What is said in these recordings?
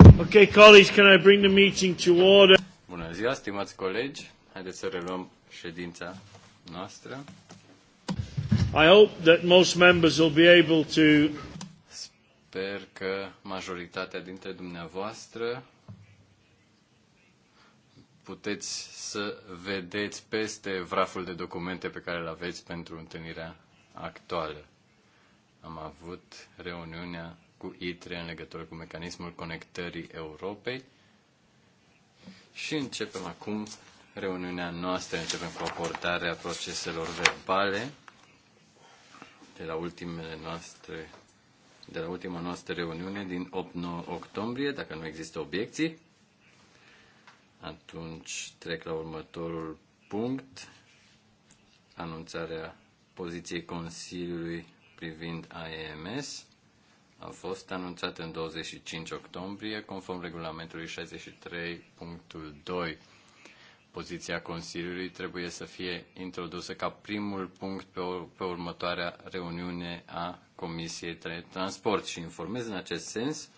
Okay, colleagues, can I bring the meeting to order? Bună ziua, stimați colegi. Haideți să reluăm ședința noastră. I hope that most members will be able to Sper că majoritatea dintre dumneavoastră puteți să vedeți peste vraful de documente pe care îl aveți pentru întâlnirea actuală. Am avut reuniunea cu ITRE în legătură cu mecanismul conectării Europei. Și începem acum reuniunea noastră, începem cu aportarea proceselor verbale de la ultimele noastre de la ultima noastră reuniune din 8-9 octombrie, dacă nu există obiecții. Atunci trec la următorul punct, anunțarea poziției Consiliului privind AEMS a fost anunțată în 25 octombrie, conform regulamentului 63.2. Poziția Consiliului trebuie să fie introdusă ca primul punct pe, pe următoarea reuniune a Comisiei de Transport și informez în acest sens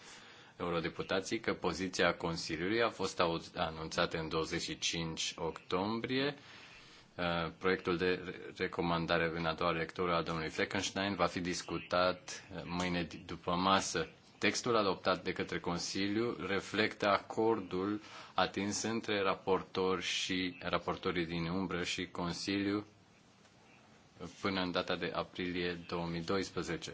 eurodeputații că poziția Consiliului a fost anunțată în 25 octombrie Uh, proiectul de recomandare în a doua lectură a domnului Fleckenstein va fi discutat uh, mâine după masă. Textul adoptat de către Consiliu reflectă acordul atins între raportori și raportorii din umbră și Consiliu până în data de aprilie 2012.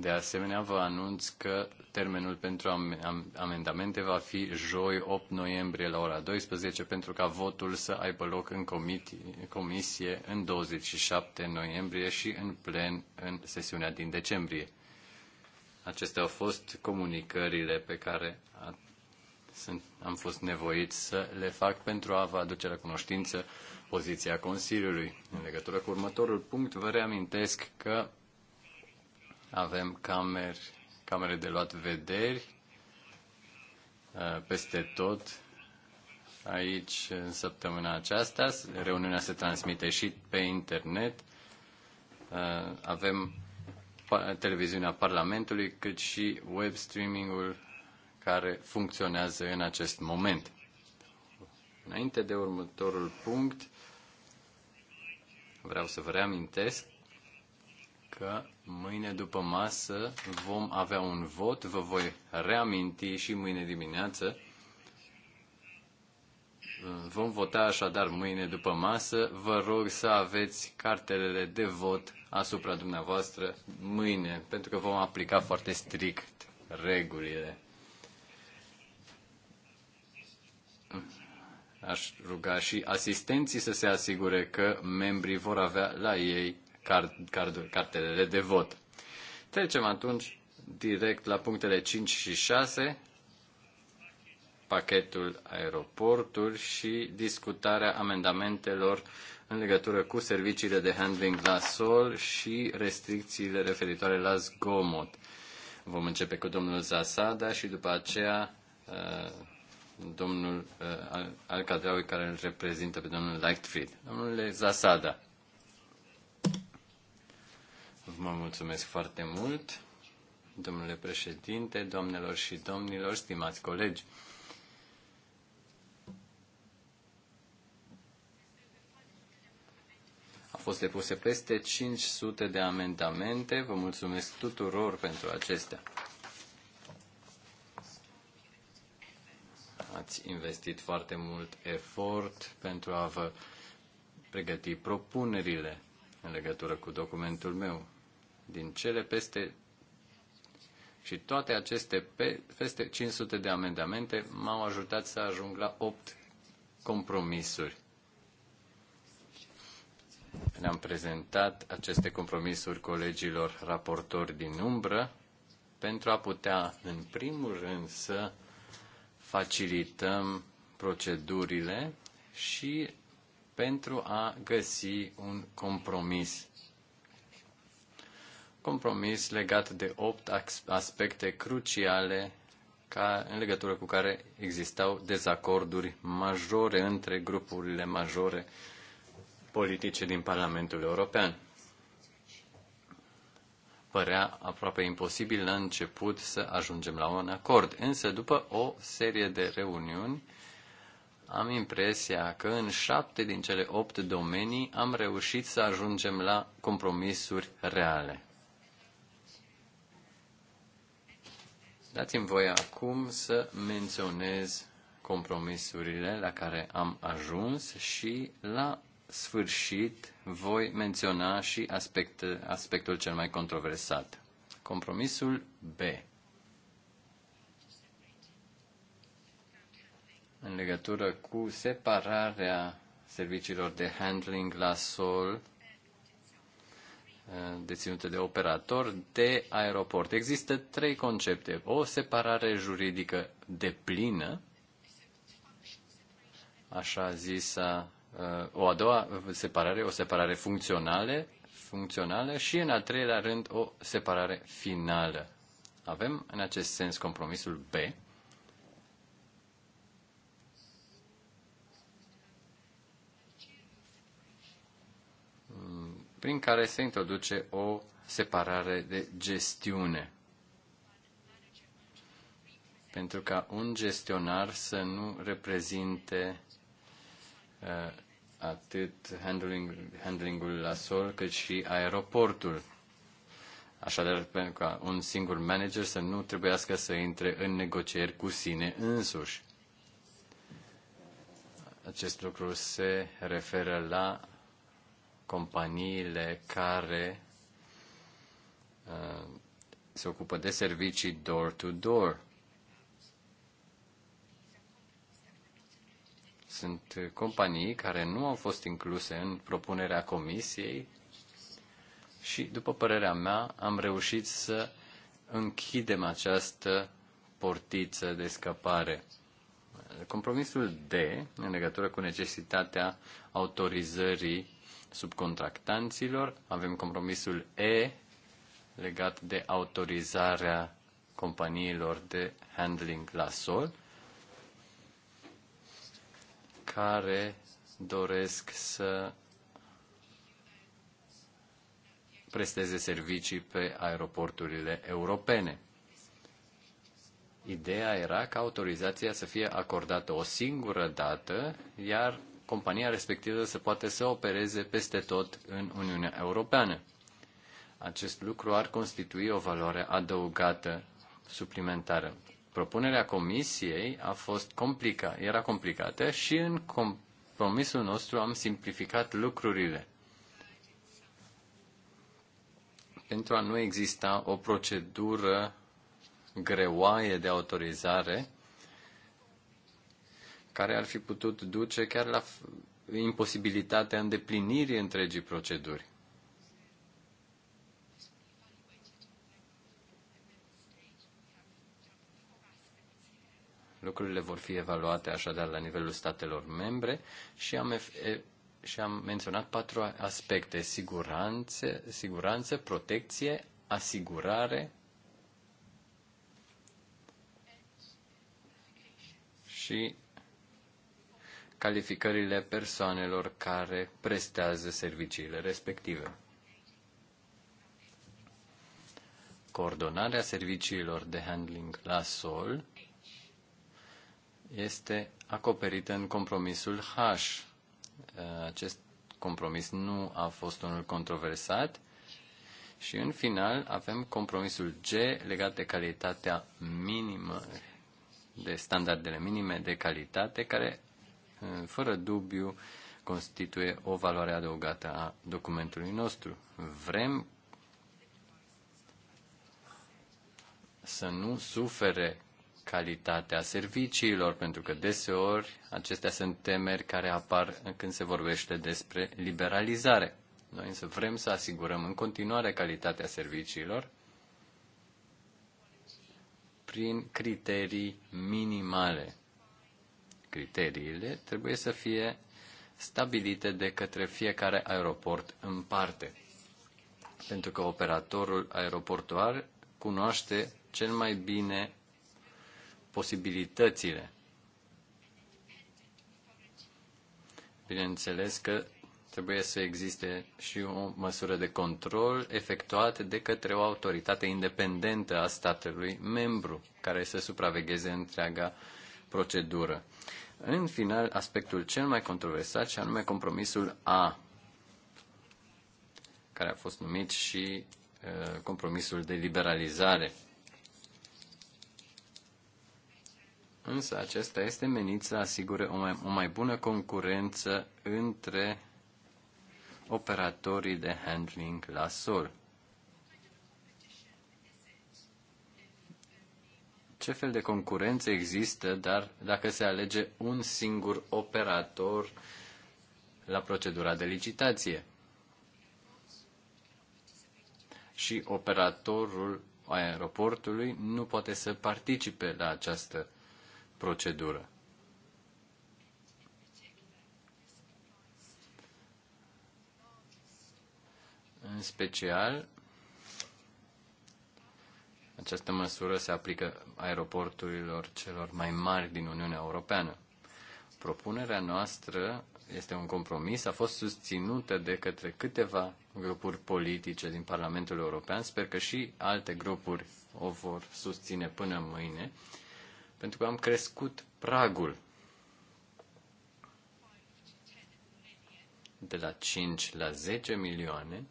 De asemenea, vă anunț că termenul pentru am- amendamente va fi joi 8 noiembrie la ora 12 pentru ca votul să aibă loc în comisie în 27 noiembrie și în plen în sesiunea din decembrie. Acestea au fost comunicările pe care a, sunt, am fost nevoit să le fac pentru a vă aduce la cunoștință poziția Consiliului. În legătură cu următorul punct, vă reamintesc că avem camere camere de luat vederi uh, peste tot aici în săptămâna aceasta. Reuniunea se transmite și pe internet. Uh, avem televiziunea Parlamentului, cât și web streamingul care funcționează în acest moment. Înainte de următorul punct, vreau să vă reamintesc că Mâine după masă vom avea un vot, vă voi reaminti și mâine dimineață. Vom vota așadar mâine după masă. Vă rog să aveți cartelele de vot asupra dumneavoastră mâine, pentru că vom aplica foarte strict regulile. Aș ruga și asistenții să se asigure că membrii vor avea la ei card, carduri, cartelele de vot. Trecem atunci direct la punctele 5 și 6, pachetul aeroporturi și discutarea amendamentelor în legătură cu serviciile de handling la sol și restricțiile referitoare la zgomot. Vom începe cu domnul Zasada și după aceea uh, domnul uh, Alcadraui care îl reprezintă pe domnul Lightfield. Domnule Zasada. Vă mulțumesc foarte mult, domnule președinte, doamnelor și domnilor, stimați colegi. Au fost depuse peste 500 de amendamente. Vă mulțumesc tuturor pentru acestea. Ați investit foarte mult efort pentru a vă pregăti propunerile în legătură cu documentul meu din cele peste și toate aceste pe, peste 500 de amendamente m-au ajutat să ajung la 8 compromisuri. Le-am prezentat aceste compromisuri colegilor raportori din umbră pentru a putea, în primul rând, să facilităm procedurile și pentru a găsi un compromis compromis legat de opt aspecte cruciale ca, în legătură cu care existau dezacorduri majore între grupurile majore politice din Parlamentul European. Părea aproape imposibil la început să ajungem la un acord, însă după o serie de reuniuni am impresia că în șapte din cele opt domenii am reușit să ajungem la compromisuri reale. Dați-mi voie acum să menționez compromisurile la care am ajuns și la sfârșit voi menționa și aspect, aspectul cel mai controversat. Compromisul B. În legătură cu separarea serviciilor de handling la sol deținute de operator de aeroport. Există trei concepte. O separare juridică de plină, așa zisă, uh, o a doua separare, o separare funcționale, funcțională și în al treilea rând o separare finală. Avem în acest sens compromisul B, prin care se introduce o separare de gestiune. Pentru ca un gestionar să nu reprezinte uh, atât handling, handlingul la sol, cât și aeroportul. Așadar, pentru ca un singur manager să nu trebuiască să intre în negocieri cu sine însuși. Acest lucru se referă la companiile care uh, se ocupă de servicii door-to-door. Sunt companii care nu au fost incluse în propunerea comisiei și, după părerea mea, am reușit să închidem această portiță de scăpare. Compromisul D, în legătură cu necesitatea autorizării subcontractanților. Avem compromisul E legat de autorizarea companiilor de handling la sol care doresc să presteze servicii pe aeroporturile europene. Ideea era ca autorizația să fie acordată o singură dată, iar compania respectivă să poată să opereze peste tot în Uniunea Europeană. Acest lucru ar constitui o valoare adăugată suplimentară. Propunerea comisiei a fost complica, era complicată și în compromisul nostru am simplificat lucrurile. Pentru a nu exista o procedură greoaie de autorizare, care ar fi putut duce chiar la imposibilitatea îndeplinirii întregii proceduri. Lucrurile vor fi evaluate așadar la nivelul statelor membre și am, și am menționat patru aspecte. Siguranță, siguranță, protecție, asigurare și calificările persoanelor care prestează serviciile respective. Coordonarea serviciilor de handling la sol este acoperită în compromisul H. Acest compromis nu a fost unul controversat și în final avem compromisul G legat de calitatea minimă, de standardele minime de calitate, care fără dubiu, constituie o valoare adăugată a documentului nostru. Vrem să nu sufere calitatea serviciilor, pentru că deseori acestea sunt temeri care apar când se vorbește despre liberalizare. Noi însă vrem să asigurăm în continuare calitatea serviciilor prin criterii minimale criteriile trebuie să fie stabilite de către fiecare aeroport în parte, pentru că operatorul aeroportuar cunoaște cel mai bine posibilitățile. Bineînțeles că trebuie să existe și o măsură de control efectuată de către o autoritate independentă a statului membru, care să supravegheze întreaga uh, procedură. În final, aspectul cel mai controversat și anume compromisul A, care a fost numit și uh, compromisul de liberalizare. Însă acesta este menit să asigure o mai, o mai bună concurență între operatorii de handling la sol. ce fel de concurență există, dar dacă se alege un singur operator la procedura de licitație. Și operatorul aeroportului nu poate să participe la această procedură. În special, această măsură se aplică aeroporturilor celor mai mari din Uniunea Europeană. Propunerea noastră este un compromis, a fost susținută de către câteva grupuri politice din Parlamentul European. Sper că și alte grupuri o vor susține până mâine, pentru că am crescut pragul de la 5 la 10 milioane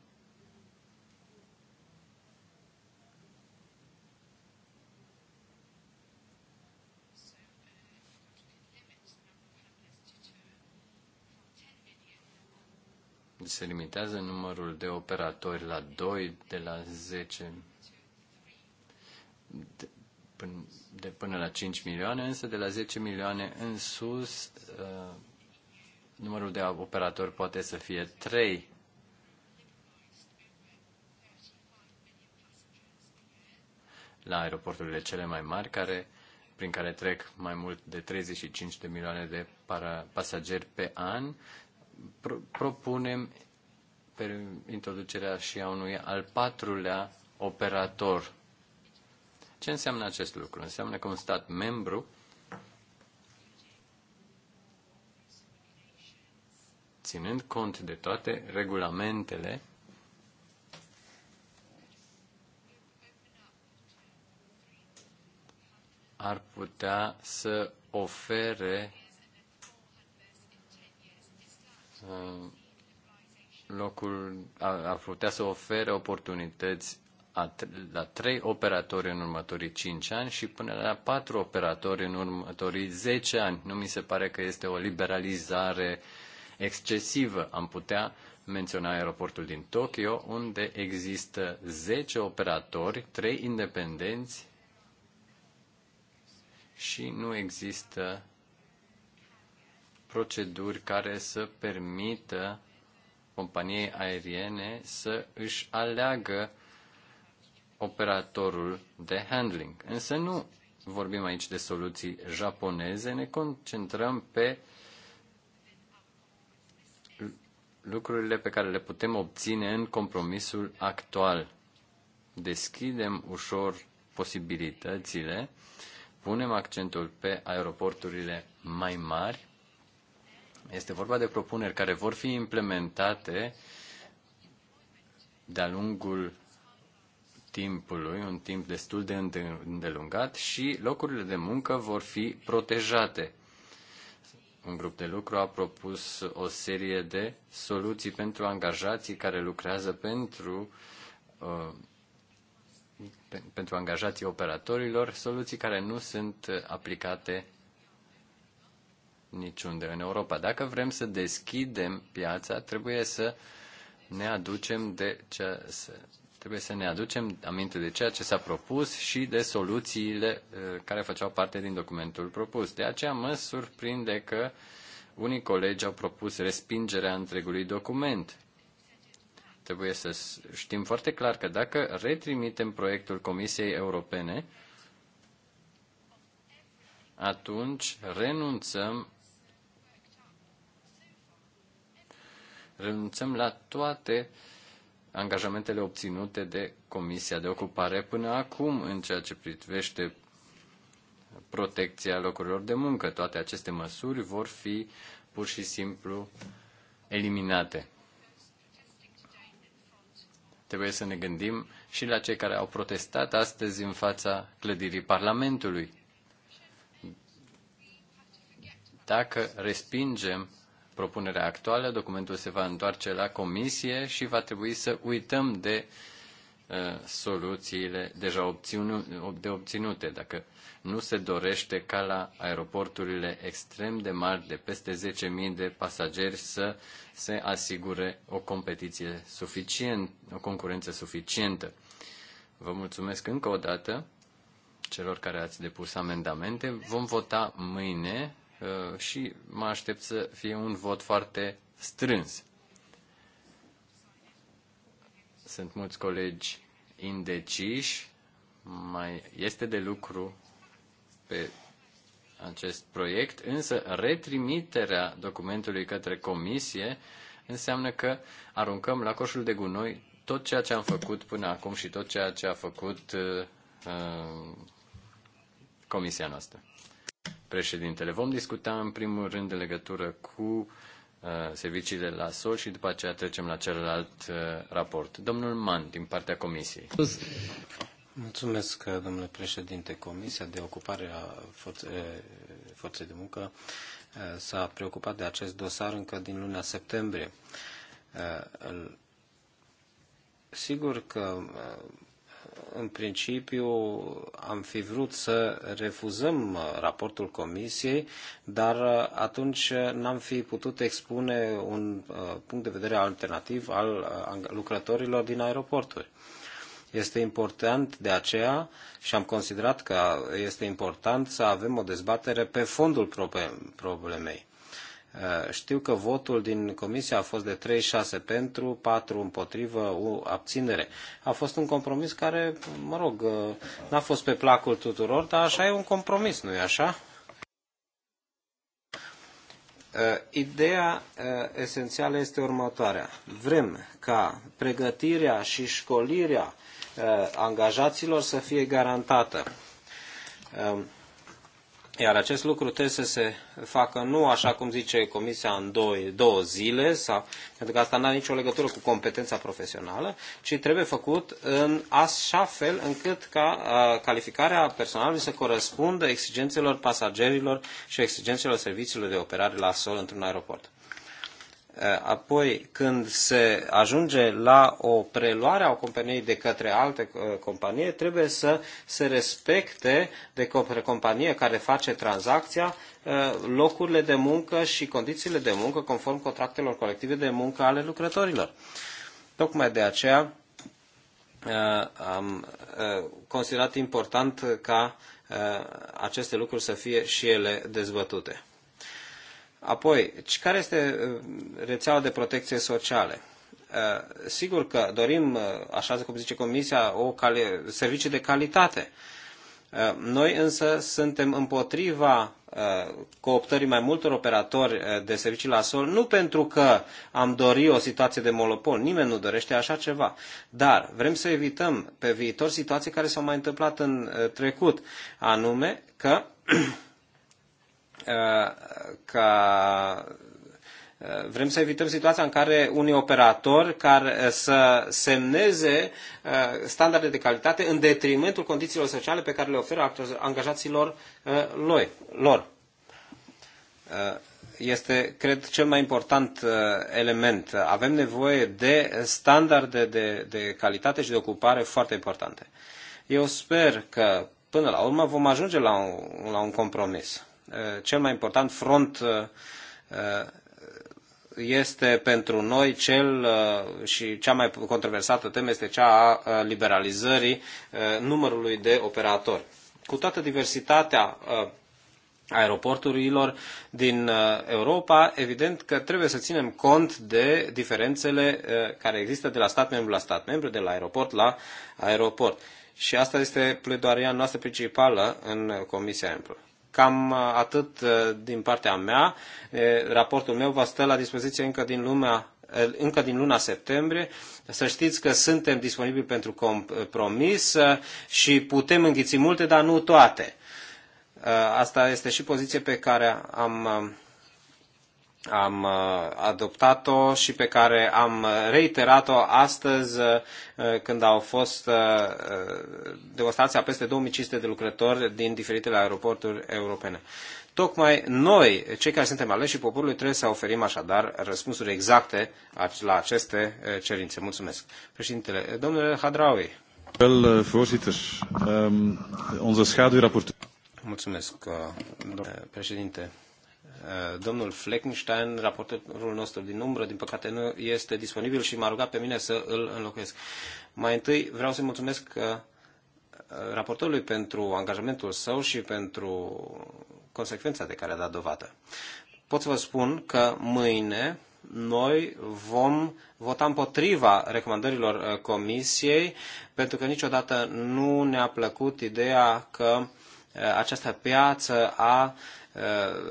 se limitează numărul de operatori la 2 de la 10 de, până, de până la 5 milioane, însă de la 10 milioane în sus uh, numărul de operatori poate să fie 3 la aeroporturile cele mai mari, care, prin care trec mai mult de 35 de milioane de para, pasageri pe an, pro- propunem per introducerea și a unui al patrulea operator. Ce înseamnă acest lucru? Înseamnă că un stat membru ținând cont de toate regulamentele ar putea să ofere Uh, locul ar putea să ofere oportunități la trei operatori în următorii cinci ani și până la patru operatori în următorii zece ani. Nu mi se pare că este o liberalizare excesivă. Am putea menționa aeroportul din Tokyo, unde există zece operatori, trei independenți și nu există proceduri care să permită companiei aeriene să își aleagă operatorul de handling. Însă nu vorbim aici de soluții japoneze, ne concentrăm pe lucrurile pe care le putem obține în compromisul actual. Deschidem ușor posibilitățile, punem accentul pe aeroporturile mai mari este vorba de propuneri care vor fi implementate de-a lungul timpului, un timp destul de îndelungat și locurile de muncă vor fi protejate. Un grup de lucru a propus o serie de soluții pentru angajații care lucrează pentru, uh, pentru angajații operatorilor, soluții care nu sunt aplicate niciunde în Europa. Dacă vrem să deschidem piața, trebuie să ne aducem de ce, să, trebuie să ne aducem aminte de ceea ce s-a propus și de soluțiile uh, care făceau parte din documentul propus. De aceea mă surprinde că unii colegi au propus respingerea întregului document. Trebuie să știm foarte clar că dacă retrimitem proiectul Comisiei Europene, atunci renunțăm renunțăm la toate angajamentele obținute de Comisia de Ocupare până acum în ceea ce privește protecția locurilor de muncă. Toate aceste măsuri vor fi pur și simplu eliminate. Trebuie să ne gândim și la cei care au protestat astăzi în fața clădirii Parlamentului. Dacă respingem propunerea actuală, documentul se va întoarce la comisie și va trebui să uităm de uh, soluțiile deja obținu, de obținute. Dacă nu se dorește ca la aeroporturile extrem de mari de peste 10.000 de pasageri să se asigure o competiție suficient, o concurență suficientă. Vă mulțumesc încă o dată celor care ați depus amendamente. Vom vota mâine Uh, și mă aștept să fie un vot foarte strâns. Sunt mulți colegi indeciși, mai este de lucru pe acest proiect, însă retrimiterea documentului către comisie înseamnă că aruncăm la coșul de gunoi tot ceea ce am făcut până acum și tot ceea ce a făcut uh, uh comisia noastră. Președintele, vom discuta în primul rând în legătură cu uh, serviciile la sol și după aceea trecem la celălalt uh, raport. Domnul Mann, din partea Comisiei. Mulțumesc, domnule președinte. Comisia de ocupare a forțe, forței de muncă uh, s-a preocupat de acest dosar încă din luna septembrie. Sigur că în principiu am fi vrut să refuzăm uh, raportul comisiei, dar uh, atunci uh, n-am fi putut expune un punct de vedere alternativ al lucrătorilor din aeroporturi. Este important de aceea și am considerat că este important să avem o dezbatere pe fondul problemei Uh, știu că votul din comisie a fost de 36 pentru, 4 împotrivă, o abținere. A fost un compromis care, mă rog, uh, n-a fost pe placul tuturor, dar așa e un compromis, nu-i așa? Uh, ideea esențială este următoarea. Vrem ca pregătirea și școlirea angajaților să fie garantată iar acest lucru trebuie să se facă nu așa cum zice Comisia în două, două zile, sau, pentru că asta nu are nicio legătură cu competența profesională, ci trebuie făcut în așa fel încât ca calificarea personalului să corespundă exigențelor pasagerilor și exigențelor serviciilor de operare la sol într-un aeroport. Eh, apoi, când se ajunge la o preluare a companiei de către alte eh, companie, trebuie să se respecte de către companie care face tranzacția eh, locurile de muncă și condițiile de muncă conform contractelor colective de muncă ale lucrătorilor. Tocmai de aceea am considerat important ca aceste lucruri să fie și ele dezbătute. Apoi, care este uh, rețeaua de protecție sociale? Uh, sigur că dorim, uh, așa cum zice Comisia, o cali- servicii de calitate. Noi însă suntem împotriva cooptării mai multor operatori de servicii la sol, nu pentru că am dori o situație de monopol, nimeni nu dorește așa ceva, dar vrem să evităm pe viitor situații care s-au mai întâmplat în trecut, anume că Eh, ca eh, Vrem să evităm situația în care unii operatori care eh, să semneze standarde de calitate în detrimentul condițiilor sociale pe care le oferă angajaților lor. Este, cred, cel mai important element. Avem nevoie de standarde de, de calitate și de ocupare foarte importante. Eu sper că, până la urmă, vom ajunge la un, la un compromis Eh, cel mai important front eh, eh, este pentru noi cel și cea mai controversată temă este cea a liberalizării numărului de operatori. Cu toată diversitatea aeroporturilor din Europa, evident că trebuie să ținem cont de diferențele care există de la stat membru la stat membru, de la aeroport la aeroport. Și asta este pledoaria noastră principală în Comisia Emplu. Cam uh, atât uh, din partea mea. Raportul meu va stă la dispoziție încă din lumea încă din luna septembrie. Să știți că suntem disponibili pentru compromis uh, și putem înghiți multe, dar nu toate. Asta este și poziție pe care am am uh, adoptat-o și pe care am reiterat-o astăzi uh, când au fost uh, demonstrația peste 2500 de lucrători din diferitele aeroporturi europene. Tocmai noi, cei care suntem aleși și poporului, trebuie să oferim așadar răspunsuri exacte la aceste cerințe. Mulțumesc. Președintele, domnule Hadraui. Wel, voorzitter. Um, onze schaduwrapporteur. Mulțumesc, președinte. Eh, domnul Fleckenstein, raportorul nostru din umbră, din păcate nu este disponibil și m-a rugat pe mine să îl înlocuiesc. Mai întâi vreau să-i mulțumesc eh, raportorului pentru angajamentul său și pentru consecvența de care a dat dovadă. Pot să vă spun că mâine noi vom vota împotriva recomandărilor eh, comisiei, pentru că niciodată nu ne-a plăcut ideea că Uh, această piață a uh,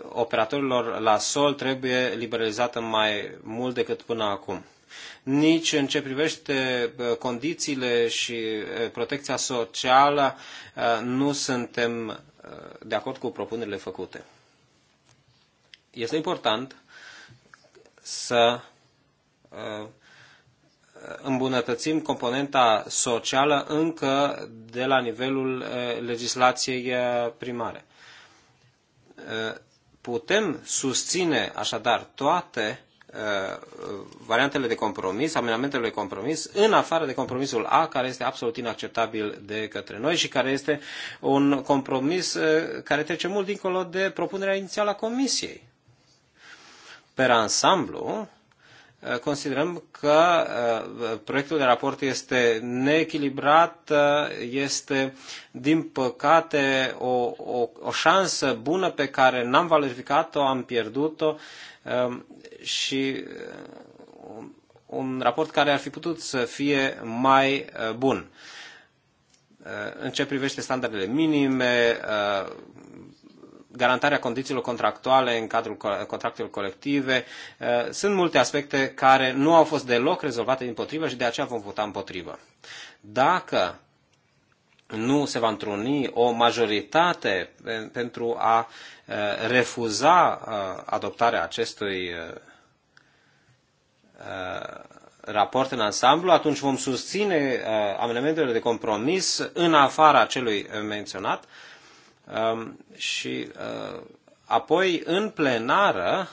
operatorilor la sol trebuie liberalizată mai mult decât până acum. Nici în ce privește uh, condițiile și protecția socială nu suntem de acord cu propunerile făcute. Este important să îmbunătățim componenta socială încă de la nivelul eh, legislației eh, primare. Eh, putem susține așadar toate variantele de compromis, amenamentele de compromis, în afară de compromisul A, care este absolut inacceptabil de către noi și care este un compromis care trece mult dincolo de propunerea inițială a Comisiei. Per ansamblu, Uh, considerăm că uh, proiectul de raport este neechilibrat, uh, este, din păcate, o, o, o șansă bună pe care n-am valorificat-o, am pierdut-o um, și un, raport care ar fi putut să fie mai bun. În ce privește standardele minime, garantarea condițiilor contractuale în cadrul contractelor colective. Uh, sunt multe aspecte care nu au fost deloc rezolvate din potrivă și de aceea vom vota împotrivă. Dacă nu se va întruni o majoritate pentru a uh, refuza uh, adoptarea acestui raport în ansamblu, atunci vom susține amendamentele de compromis în afara celui menționat Um, și uh, apoi în plenară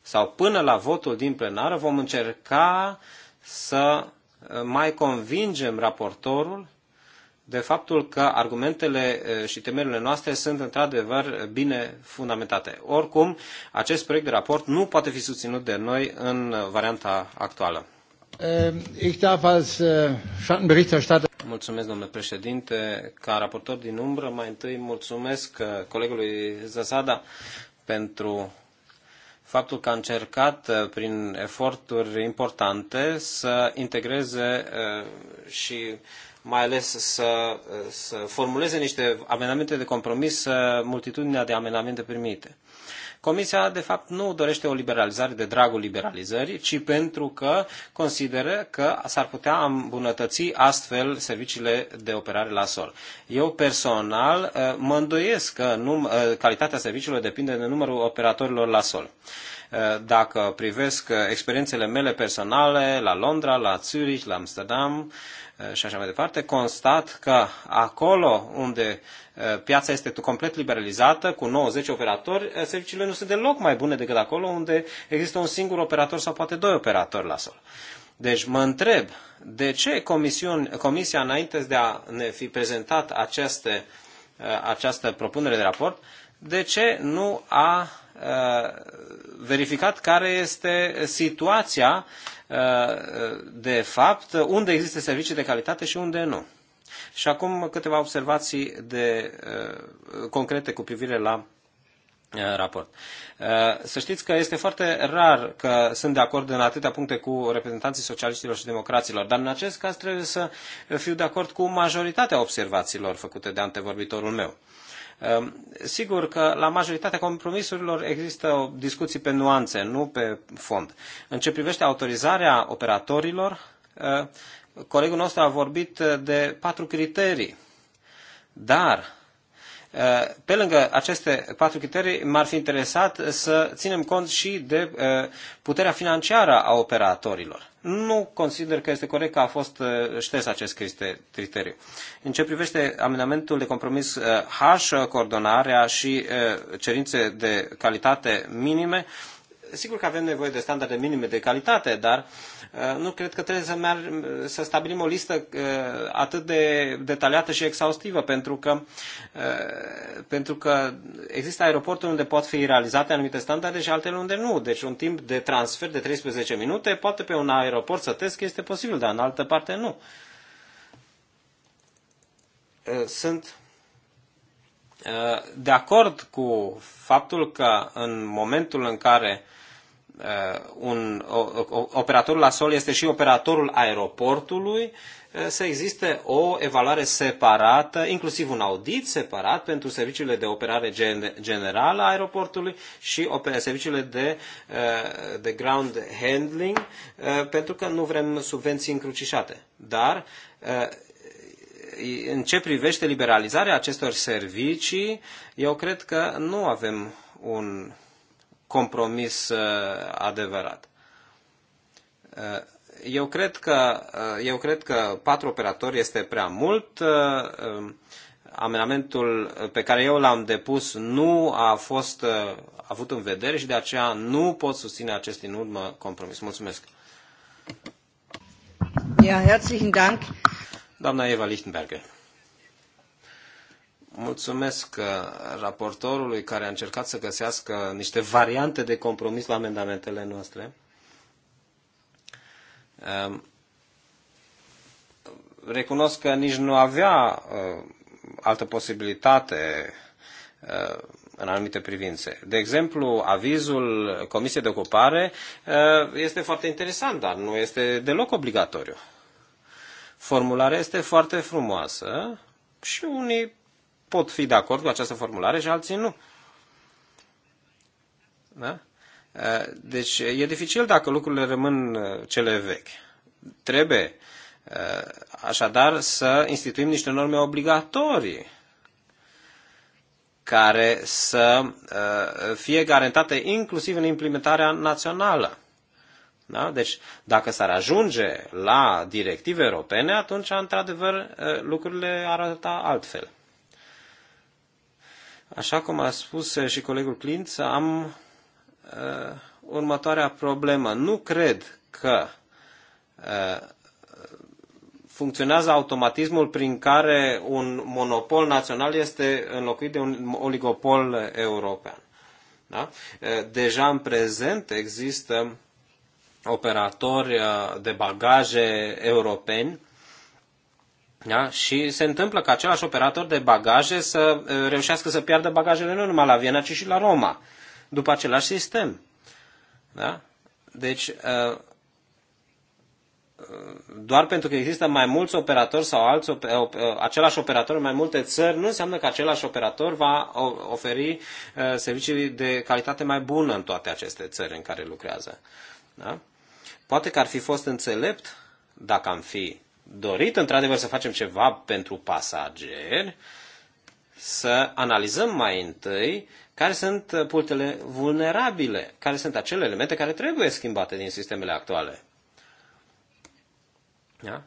sau până la votul din plenară vom încerca să uh, mai convingem raportorul de faptul că argumentele uh, și temerile noastre sunt într-adevăr bine fundamentate. Oricum, acest proiect de raport nu poate fi susținut de noi în varianta actuală. Ehm, äh, mulțumesc, domnule președinte. Ca raportor din umbră, mai întâi mulțumesc uh, colegului Zasada pentru faptul că a încercat, uh, prin eforturi importante, să integreze uh, și mai ales să, să formuleze niște amendamente de compromis multitudinea de amendamente primite. Comisia, de fapt, nu dorește o liberalizare de dragul liberalizării, ci pentru că consideră că s-ar putea îmbunătăți astfel serviciile de operare la sol. Eu personal uh, mă îndoiesc că num- uh, calitatea serviciilor depinde de numărul operatorilor la sol uh, dacă privesc experiențele mele personale la Londra, la Zurich, la Amsterdam, Eh, și așa mai departe, constat că acolo unde eh, piața este complet liberalizată, cu 90 operatori, eh, serviciile nu sunt deloc mai bune decât acolo unde există un singur operator sau poate doi operatori la sol. Deci mă întreb, de ce Comisia, înainte de a ne fi prezentat aceste, această propunere de raport, de ce nu a Uh, verificat care este situația uh, de fapt, unde există servicii de calitate și unde nu. Și acum câteva observații de, uh, concrete cu privire la raport. Să știți că este foarte rar că sunt de acord în atâtea puncte cu reprezentanții socialiștilor și democraților, dar în acest caz trebuie să fiu de acord cu majoritatea observațiilor făcute de antevorbitorul meu. Ehm, sigur că la majoritatea compromisurilor există discuții pe nuanțe, nu pe fond. În ce privește autorizarea operatorilor, ehm, colegul nostru a vorbit de patru criterii. Dar Uh, pe lângă aceste patru criterii, m-ar fi interesat să ținem cont și de uh, puterea financiară a operatorilor. Nu consider că este corect că a fost uh, șters acest criteriu. În ce privește amendamentul de compromis H, coordonarea și cerințe de calitate minime, sigur că avem nevoie de standarde minime de calitate, dar uh, nu cred că trebuie să, mer- să stabilim o listă uh, atât de detaliată și exhaustivă, pentru că, uh, pentru că există aeroporturi unde pot fi realizate anumite standarde și altele unde nu. Deci un timp de transfer de 13 minute, poate pe un aeroport să test este posibil, dar în altă parte nu. Sunt Uh, de acord cu faptul că în momentul în care uh, un, operatorul la sol este și operatorul aeroportului, uh, să existe o evaluare separată, inclusiv un audit separat pentru serviciile de operare generală a aeroportului și serviciile de, de ground handling, pentru că nu vrem subvenții încrucișate. Dar în ce privește liberalizarea acestor servicii, eu cred că nu avem un compromis uh, adevărat. Uh, eu cred că, uh, eu cred că patru operatori este prea mult. Um, amenamentul pe care eu l-am depus nu a fost avut în vedere și de aceea nu pot susține acest în urmă compromis. Mulțumesc! Ja, herzlichen Dank. Doamna Eva Lichtenberger. Mulțumesc uh, raportorului care a încercat să găsească niște variante de compromis la amendamentele noastre. Um, recunosc că nici nu avea uh, altă posibilitate uh, în anumite privințe. De exemplu, avizul Comisiei de Ocupare este foarte interesant, dar nu este deloc obligatoriu. Formularea este foarte frumoasă și unii pot fi de acord cu această formulare și alții nu. Da? Deci e dificil dacă lucrurile rămân cele vechi. Trebuie așadar să instituim niște norme obligatorii care să fie garantate inclusiv în implementarea națională. Da? Deci, dacă s-ar ajunge la directive europene, atunci, într-adevăr, lucrurile ar arăta altfel. Așa cum a spus și colegul Clint, am uh, următoarea problemă. Nu cred că uh, funcționează automatismul prin care un monopol național este înlocuit de un oligopol european. Da? Deja în prezent există operatori uh, de bagaje europeni da? și se întâmplă ca același operator de bagaje să uh, reușească să piardă bagajele nu numai la Viena, ci și la Roma, după același sistem. Da? Deci, uh, doar pentru că există mai mulți operatori sau alți, același operator în mai multe țări, nu înseamnă că același operator va oferi servicii de calitate mai bună în toate aceste țări în care lucrează. Da? Poate că ar fi fost înțelept dacă am fi dorit într-adevăr să facem ceva pentru pasageri, să analizăm mai întâi care sunt punctele vulnerabile, care sunt acele elemente care trebuie schimbate din sistemele actuale. Da?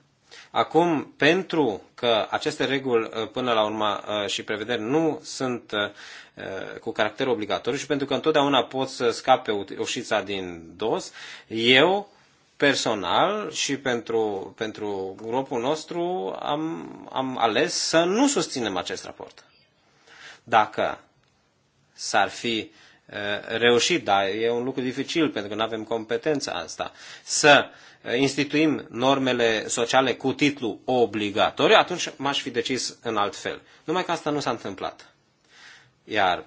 Acum, pentru că aceste reguli, uh, până la urmă, uh, și prevederi nu sunt uh, cu caracter obligatoriu și pentru că întotdeauna poți să scape ușița din dos, eu personal și pentru, pentru grupul nostru am, am ales să nu susținem acest raport. Dacă s-ar fi uh, reușit, dar e un lucru dificil pentru că nu avem competența asta, să uh, instituim normele sociale cu titlu obligatoriu, atunci m-aș fi decis în alt fel. Numai că asta nu s-a întâmplat. Iar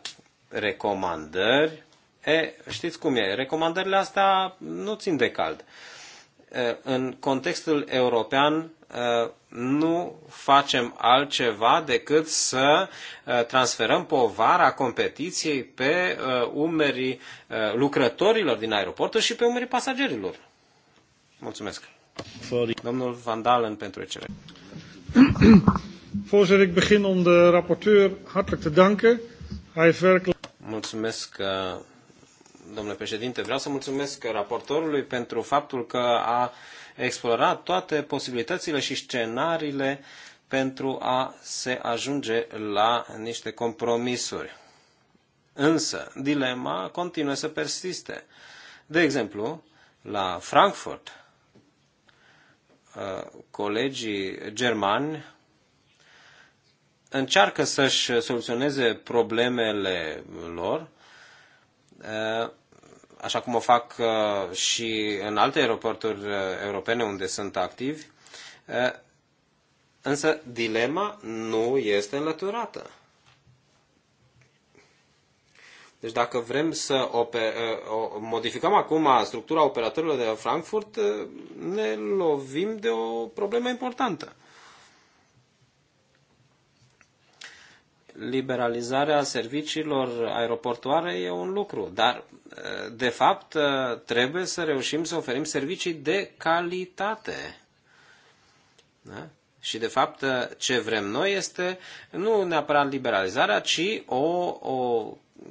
recomandări, e, știți cum e, recomandările astea nu țin de cald. Uh, Eh, în contextul european eh, nu facem altceva decât să eh, transferăm povara competiției pe umerii lucrătorilor din aeroporturi și pe umerii pasagerilor. Mulțumesc. Domnul Van Dalen pentru ECR. Voorzitter, ik begin om de rapporteur hartelijk te danken. Hij heeft werkelijk... Mulțumesc domnule președinte. Vreau să mulțumesc raportorului pentru faptul că a explorat toate posibilitățile și scenariile pentru a se ajunge la niște compromisuri. Însă, dilema continuă să persiste. De exemplu, la Frankfurt, uh, colegii germani încearcă să-și soluționeze problemele lor Eh, așa cum o fac eh, și în alte aeroporturi eh, europene unde sunt activi, însă dilema nu este înlăturată. Deci dacă vrem să modificăm acum structura operatorilor de la Frankfurt, ne lovim de o problemă importantă. liberalizarea serviciilor aeroportoare e un lucru, dar eh, de fapt eh, trebuie să reușim să oferim servicii de calitate. Da? Și de fapt eh, ce vrem noi este nu neapărat liberalizarea, ci o, o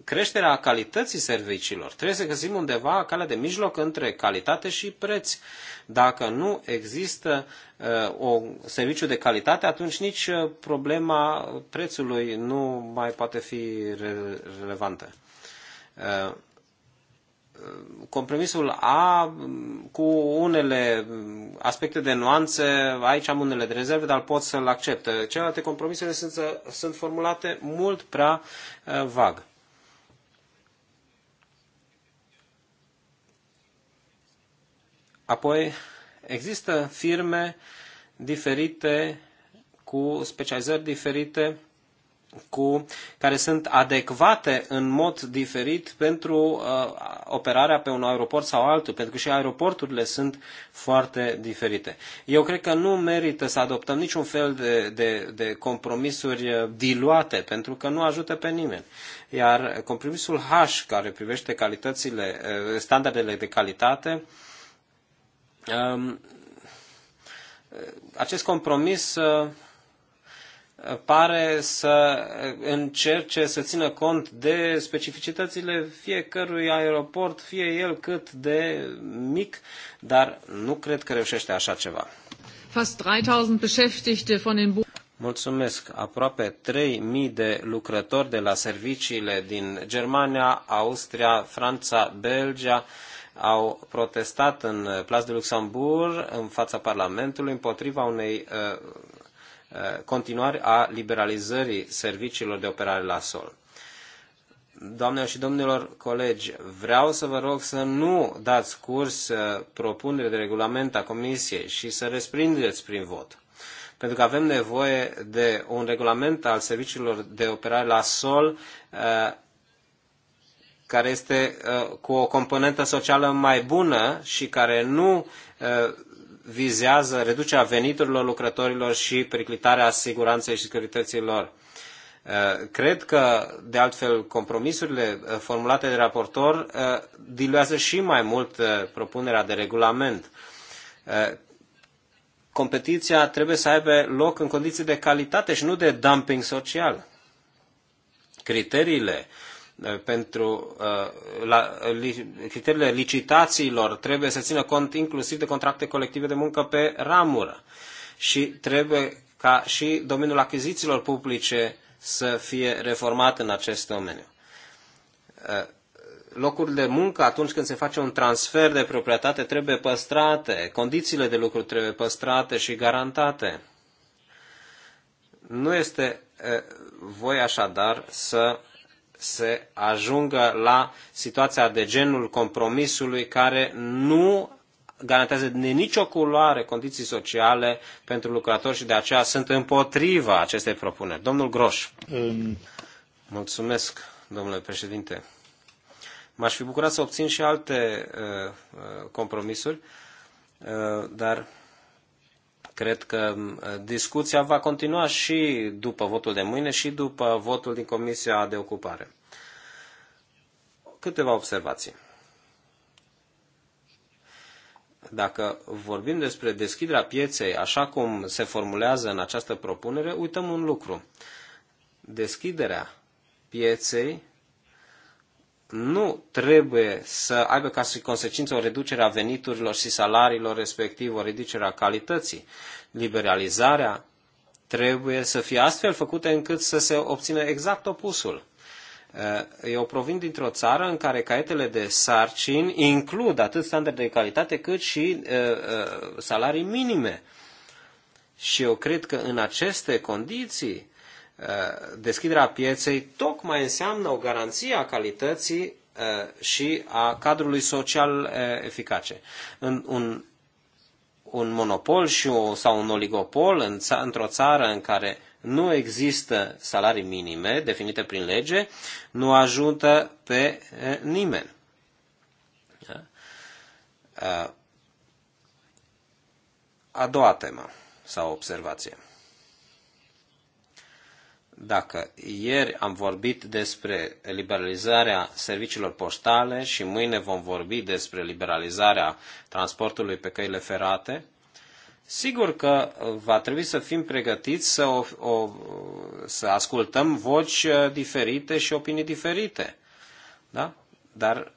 creșterea calității serviciilor. Trebuie să găsim undeva calea de mijloc între calitate și preț. Dacă nu există uh, o serviciu de calitate, atunci nici uh, problema prețului nu mai poate fi re- relevantă. Uh, compromisul A cu unele aspecte de nuanțe, aici am unele de rezerve, dar pot să-l accept. Celelalte compromisuri sunt, sunt formulate mult prea uh, vag. Apoi, există firme diferite cu specializări diferite cu, care sunt adecvate în mod diferit pentru uh, operarea pe un aeroport sau altul, pentru că și aeroporturile sunt foarte diferite. Eu cred că nu merită să adoptăm niciun fel de, de, de compromisuri uh, diluate, pentru că nu ajută pe nimeni. Iar compromisul H, care privește calitățile, uh, standardele de calitate, uh, acest compromis uh, pare să încerce să țină cont de specificitățile fiecărui aeroport, fie el cât de mic, dar nu cred că reușește așa ceva. Fast 3000 Beschäftigte von den Mulțumesc. Aproape 3.000 de lucrători de la serviciile din Germania, Austria, Franța, Belgia, au protestat în uh, Place de Luxembourg, în fața Parlamentului, împotriva unei uh, uh, continuare a liberalizării serviciilor de operare la sol. Doamnelor și domnilor colegi, vreau să vă rog să nu dați curs propunere de regulament a Comisiei și să resprindeți prin vot. Pentru că avem nevoie de un regulament al serviciilor de operare la sol care este uh, cu o componentă socială mai bună și care nu uh, vizează reducerea veniturilor lucrătorilor și periclitarea siguranței și securității lor. Uh, cred că, de altfel, compromisurile formulate de raportor diluează și mai mult propunerea de regulament. Competiția trebuie să aibă loc în condiții de calitate și nu de dumping social. Criteriile uh, Uh, pentru uh, la, li, criteriile licitațiilor trebuie să țină cont inclusiv de contracte colective de muncă pe ramură și trebuie ca și domeniul achizițiilor publice să fie reformat în acest domeniu. Uh, locuri de muncă, atunci când se face un transfer de proprietate, trebuie păstrate, condițiile de lucru trebuie păstrate și garantate. Nu este voi așadar să uh, se ajungă la situația de genul compromisului care nu garantează de nicio culoare condiții sociale pentru lucrători și de aceea sunt împotriva acestei propuneri. Domnul Groș. Um. Mulțumesc, domnule președinte. M-aș fi bucurat să obțin și alte uh, uh compromisuri, uh, dar cred că uh, discuția va continua și după votul de mâine și după votul din Comisia de Ocupare câteva observații. Dacă vorbim despre deschiderea pieței așa cum se formulează în această propunere, uităm un lucru. Deschiderea pieței nu trebuie să aibă ca și consecință o reducere a veniturilor și salariilor, respectiv o reducere a calității. Liberalizarea trebuie să fie astfel făcută încât să se obțină exact opusul. Uh, eu provin dintr-o țară în care caietele de sarcini includ atât standarde de calitate cât și uh, uh, salarii minime. Și eu cred că în aceste condiții deschiderea pieței tocmai înseamnă o garanție a calității și a cadrului social eficace. În un, un monopol și o, sau un oligopol în, într-o țară în care nu există salarii minime definite prin lege, nu ajută pe nimeni. Da? A doua temă sau observație. Dacă ieri am vorbit despre liberalizarea serviciilor poștale și mâine vom vorbi despre liberalizarea transportului pe căile ferate, Sigur că uh, va trebui să fim pregătiți să, o, o, să ascultăm voci uh, diferite și opinii diferite. Da? Dar,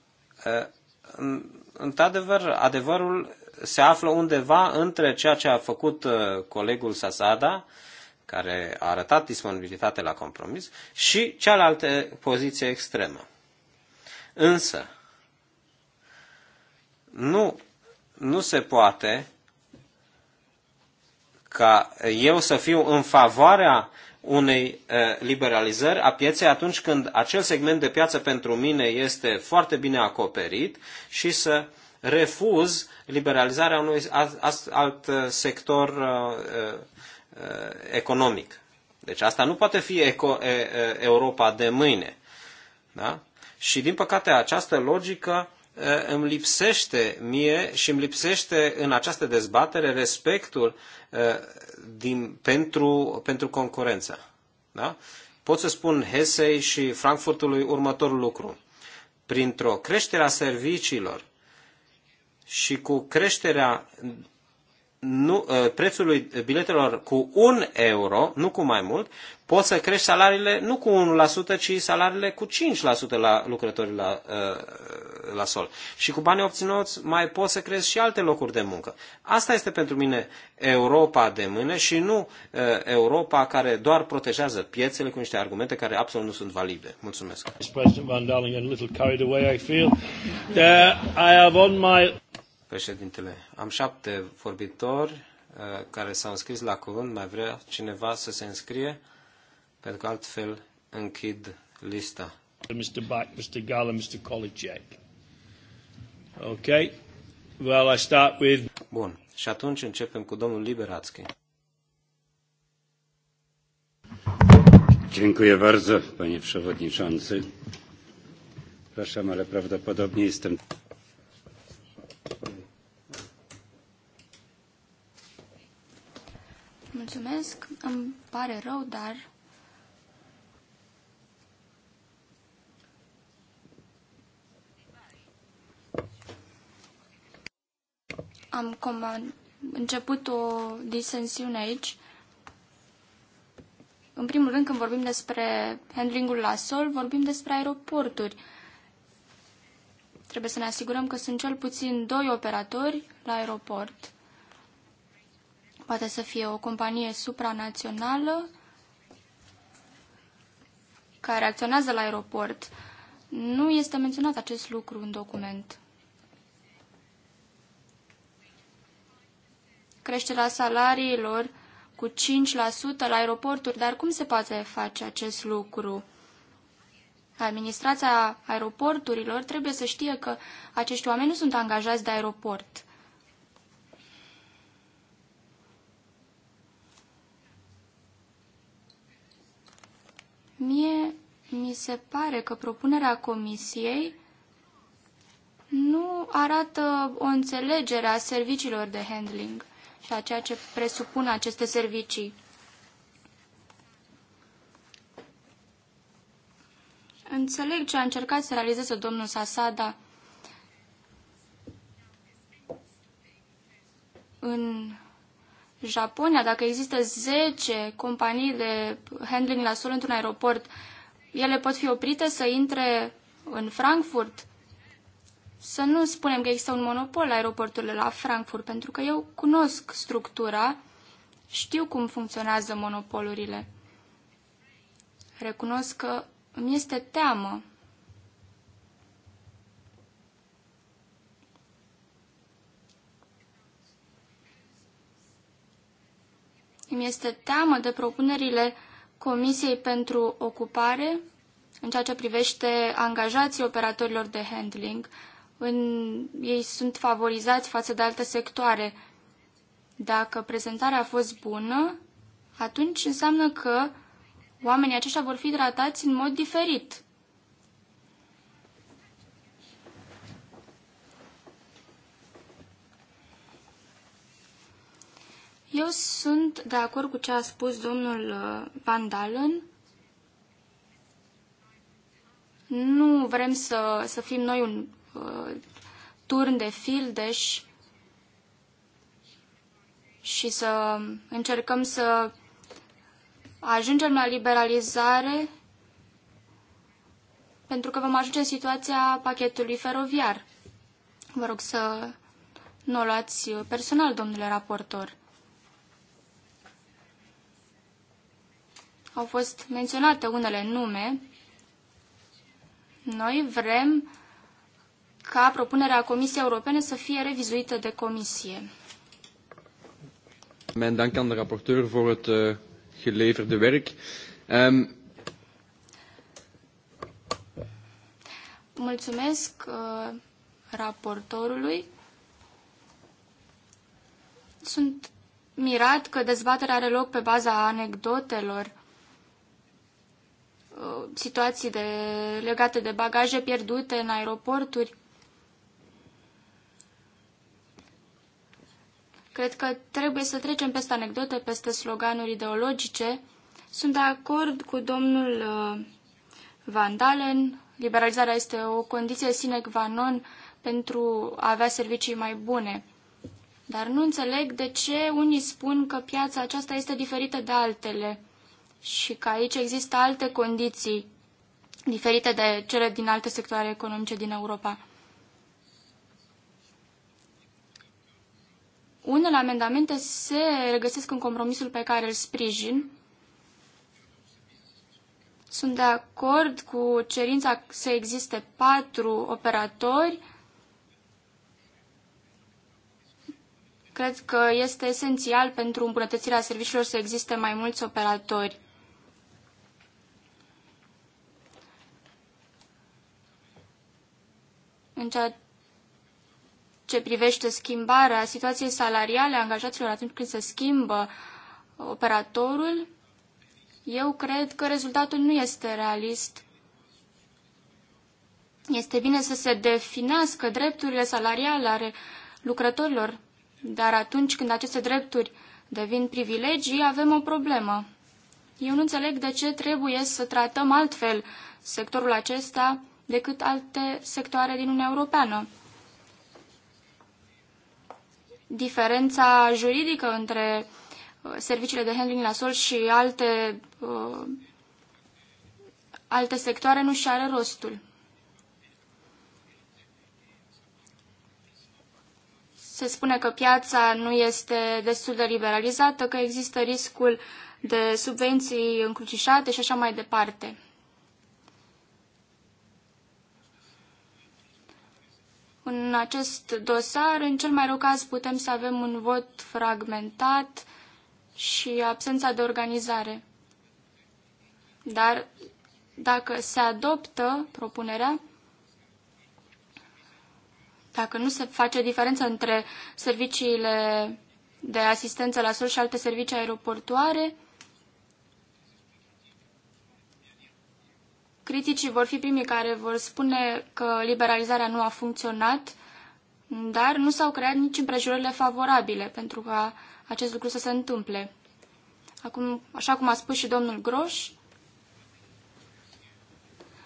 uh, într-adevăr, adevărul se află undeva între ceea ce a făcut colegul Sasada, care a arătat disponibilitate la compromis, și cealaltă poziție extremă. Însă, nu, nu se poate ca eu să fiu în favoarea unei uh, liberalizări a pieței atunci când acel segment de piață pentru mine este foarte bine acoperit și să refuz liberalizarea unui alt uh, sector uh, economic. Deci asta nu poate fi eco, Europa de mâine. Da? Și din păcate această logică Uh, îmi lipsește mie și îmi lipsește în această dezbatere respectul uh, din, pentru, pentru concurență. Da? Pot să spun Hesei și Frankfurtului următorul lucru. Printr-o creștere a serviciilor și cu creșterea nu, ă, prețului biletelor cu un euro, nu cu mai mult, poți să crești salariile nu cu 1%, ci salariile cu 5% la lucrătorii la, ă, la sol. Și cu banii obținuți mai poți să crești și alte locuri de muncă. Asta este pentru mine Europa de mâine și nu ă, Europa care doar protejează piețele cu niște argumente care absolut nu sunt valide. Mulțumesc. President Van Darling, a little carried away, I feel. I have on my Președintele, am șapte vorbitori uh, care s-au înscris la cuvânt. Mai vrea cineva să se înscrie? Pentru că altfel închid lista. Mr. Bach, Mr. Gala, Mr. Kolicek. Ok. Well, I start with... Bun. Și atunci începem cu domnul Liberatski. Dziękuję bardzo, panie przewodniczący. Przepraszam, ale prawdopodobnie jestem... Mulțumesc, îmi pare rău, dar... Am comand... început o disensiune aici. În primul rând, când vorbim despre handlingul la sol, vorbim despre aeroporturi. Trebuie să ne asigurăm că sunt cel puțin doi operatori la aeroport Poate să fie o companie supranațională care acționează la aeroport. Nu este menționat acest lucru în document. Creșterea salariilor cu 5% la aeroporturi, dar cum se poate face acest lucru? Administrația aeroporturilor trebuie să știe că acești oameni nu sunt angajați de aeroport. Mie mi se pare că propunerea comisiei nu arată o înțelegere a serviciilor de handling și a ceea ce presupun aceste servicii. Înțeleg ce a încercat să realizeze domnul Sasada în Japonia, dacă există 10 companii de handling la sol într-un aeroport, ele pot fi oprite să intre în Frankfurt? Să nu spunem că există un monopol la aeroporturile la Frankfurt, pentru că eu cunosc structura, știu cum funcționează monopolurile. Recunosc că mi este teamă Îmi este teamă de propunerile Comisiei pentru Ocupare în ceea ce privește angajații operatorilor de handling. În, ei sunt favorizați față de alte sectoare. Dacă prezentarea a fost bună, atunci înseamnă că oamenii aceștia vor fi tratați în mod diferit Eu sunt de acord cu ce a spus domnul uh, Van Dalen. Nu vrem să, să fim noi un uh, turn de fildeș și să încercăm să ajungem la liberalizare pentru că vom ajunge în situația pachetului feroviar. Vă rog să nu o luați uh, personal, domnule raportor. Au fost menționate unele nume. Noi vrem ca propunerea Comisiei Europene să fie revizuită de Comisie. Mijn dank aan de rapporteur voor het uh, geleverde werk. Um... Mulțumesc uh, raportorului. Sunt mirat că dezbaterea are loc pe baza anecdotelor. Uh, situații de, legate de bagaje pierdute în aeroporturi. Cred că trebuie să trecem peste anecdote, peste sloganuri ideologice. Sunt de acord cu domnul uh, Van Dalen. Liberalizarea este o condiție sine qua non pentru a avea servicii mai bune. Dar nu înțeleg de ce unii spun că piața aceasta este diferită de altele și că aici există alte condiții diferite de cele din alte sectoare economice din Europa. Unele amendamente se regăsesc în compromisul pe care îl sprijin. Sunt de acord cu cerința să existe patru operatori. Cred că este esențial pentru îmbunătățirea serviciilor să existe mai mulți operatori. în ceea ce privește schimbarea situației salariale a angajaților atunci când se schimbă operatorul, eu cred că rezultatul nu este realist. Este bine să se definească drepturile salariale ale lucrătorilor, dar atunci când aceste drepturi devin privilegii, avem o problemă. Eu nu înțeleg de ce trebuie să tratăm altfel sectorul acesta decât alte sectoare din Uniunea Europeană. Diferența juridică între uh, serviciile de handling la sol și alte, uh, alte sectoare nu și are rostul. Se spune că piața nu este destul de liberalizată, că există riscul de subvenții încrucișate și așa mai departe. în acest dosar, în cel mai rău caz, putem să avem un vot fragmentat și absența de organizare. Dar dacă se adoptă propunerea, dacă nu se face diferență între serviciile de asistență la sol și alte servicii aeroportuare, Criticii vor fi primii care vor spune că liberalizarea nu a funcționat, dar nu s-au creat nici împrejurările favorabile pentru ca acest lucru să se întâmple. Acum, așa cum a spus și domnul Groș,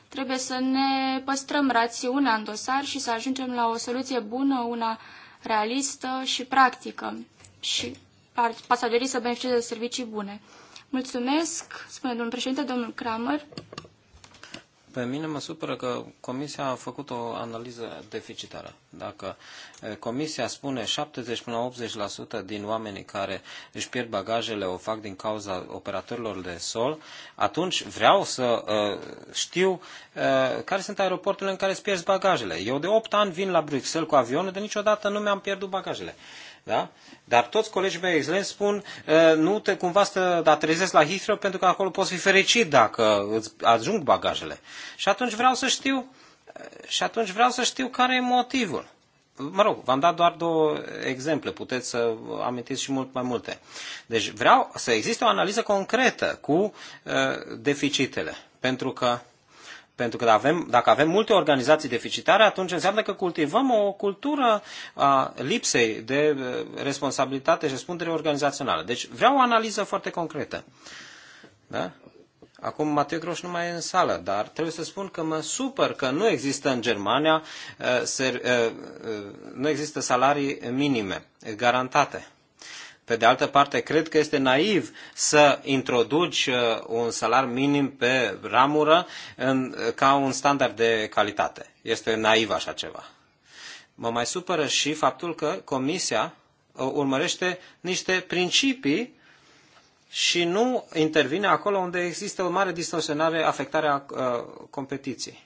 trebuie să ne păstrăm rațiunea în dosar și să ajungem la o soluție bună, una realistă și practică și pasagerii să beneficieze de servicii bune. Mulțumesc, spune domnul președinte, domnul Kramer. Pe mine mă supără că Comisia a făcut o analiză deficitară. Dacă Comisia spune 70 până la 80% din oamenii care își pierd bagajele o fac din cauza operatorilor de sol, atunci vreau să uh, știu uh, care sunt aeroporturile în care îți pierzi bagajele. Eu de 8 ani vin la Bruxelles cu avionul, de niciodată nu mi-am pierdut bagajele. Uh, da? Dar toți colegii mei excelenți spun, nu te cumva să te trezesc la Heathrow pentru că acolo poți fi fericit dacă îți ajung bagajele. Și atunci vreau să știu, și atunci vreau să știu care e motivul. Mă rog, v-am dat doar două exemple, puteți să amintiți și mult mai multe. Deci vreau să existe o analiză concretă cu uh, deficitele, pentru că pentru că avem, dacă avem multe organizații deficitare, atunci înseamnă că cultivăm o cultură a lipsei de uh, responsabilitate și răspundere organizațională. Deci vreau o analiză foarte concretă. Da? Acum Matei Groș nu mai e în sală, dar trebuie să spun că mă supăr că nu există în Germania uh, uh, nu există salarii minime garantate. Pe de altă parte, cred că este naiv să introduci uh, un salar minim pe ramură în, uh, ca un standard de calitate. Este naiv așa ceva. Mă mai supără și faptul că Comisia uh, urmărește niște principii și nu intervine acolo unde există o mare distorsionare, afectare a competiției.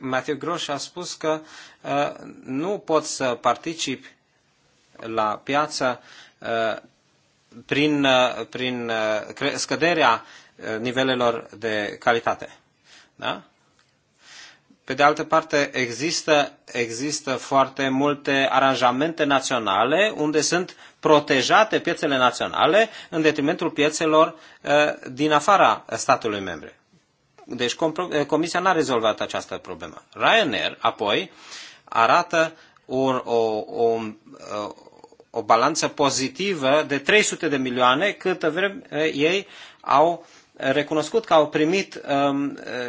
Matthew Grosh a spus că uh, nu pot să participi la piață uh, prin, uh, prin scăderea nivelelor de calitate. Da? Pe de altă parte, există, există foarte multe aranjamente naționale unde sunt protejate piețele naționale în detrimentul piețelor din afara statului membre. Deci eh, Comisia n-a rezolvat această problemă. Ryanair, apoi, arată un, o, o, o, eh, o balanță pozitivă de 300 de milioane, câtă vreme eh, ei au recunoscut că au primit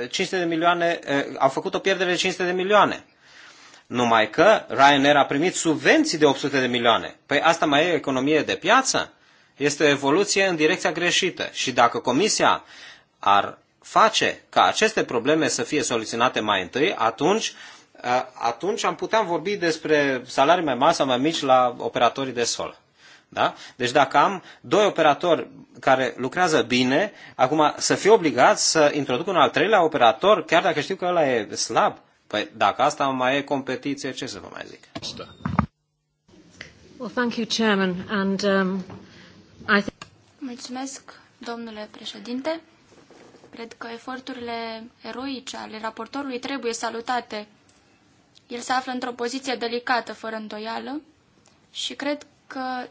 500 ehm, de milioane, au făcut o pierdere de 500 de milioane. Numai că Ryanair a primit subvenții de 800 de milioane. Păi asta mai e economie de piață? Este o evoluție în direcția greșită. Și dacă Comisia ar face ca aceste probleme să fie soluționate mai întâi, atunci, atunci am putea vorbi despre salarii mai mari sau mai mici la operatorii de sol. Da? Deci dacă am doi operatori care lucrează bine, acum să fiu obligat să introduc un al treilea operator, chiar dacă știu că ăla e slab, păi dacă asta mai e competiție, ce să vă mai zic? Well, thank you, Chairman, and um, I think... Mulțumesc, domnule președinte. Cred că eforturile eroice ale raportorului trebuie salutate. El se află într-o poziție delicată, fără îndoială, și cred că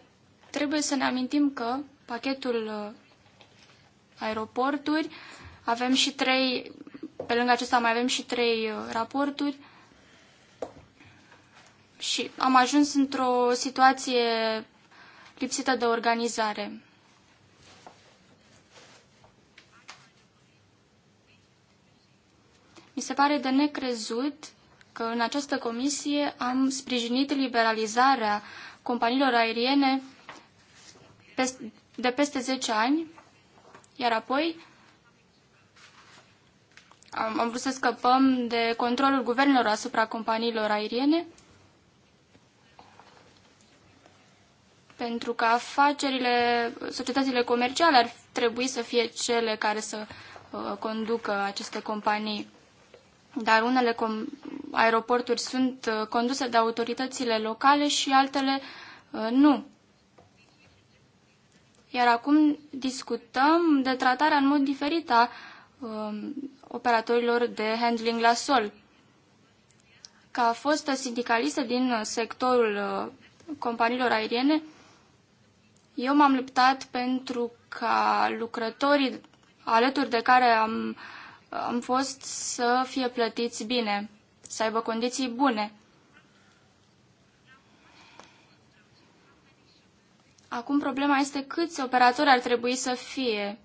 trebuie să ne amintim că pachetul uh, aeroporturi, avem și trei, pe lângă acesta mai avem și trei uh, raporturi, și am ajuns într-o situație lipsită de organizare. Mi se pare de necrezut că în această comisie am sprijinit liberalizarea companiilor aeriene de peste 10 ani, iar apoi am, am vrut să scăpăm de controlul guvernelor asupra companiilor aeriene, pentru că afacerile, societățile comerciale ar trebui să fie cele care să uh, conducă aceste companii dar unele aeroporturi sunt uh, conduse de autoritățile locale și altele uh, nu. Iar acum discutăm de tratarea în mod diferit a um, operatorilor de handling la sol. Ca fostă fost sindicalistă din uh, sectorul companiilor aeriene, eu m-am luptat pentru ca lucrătorii alături de care am uh, am fost să fie plătiți bine, să aibă condiții bune. Acum problema este câți operatori ar trebui să fie.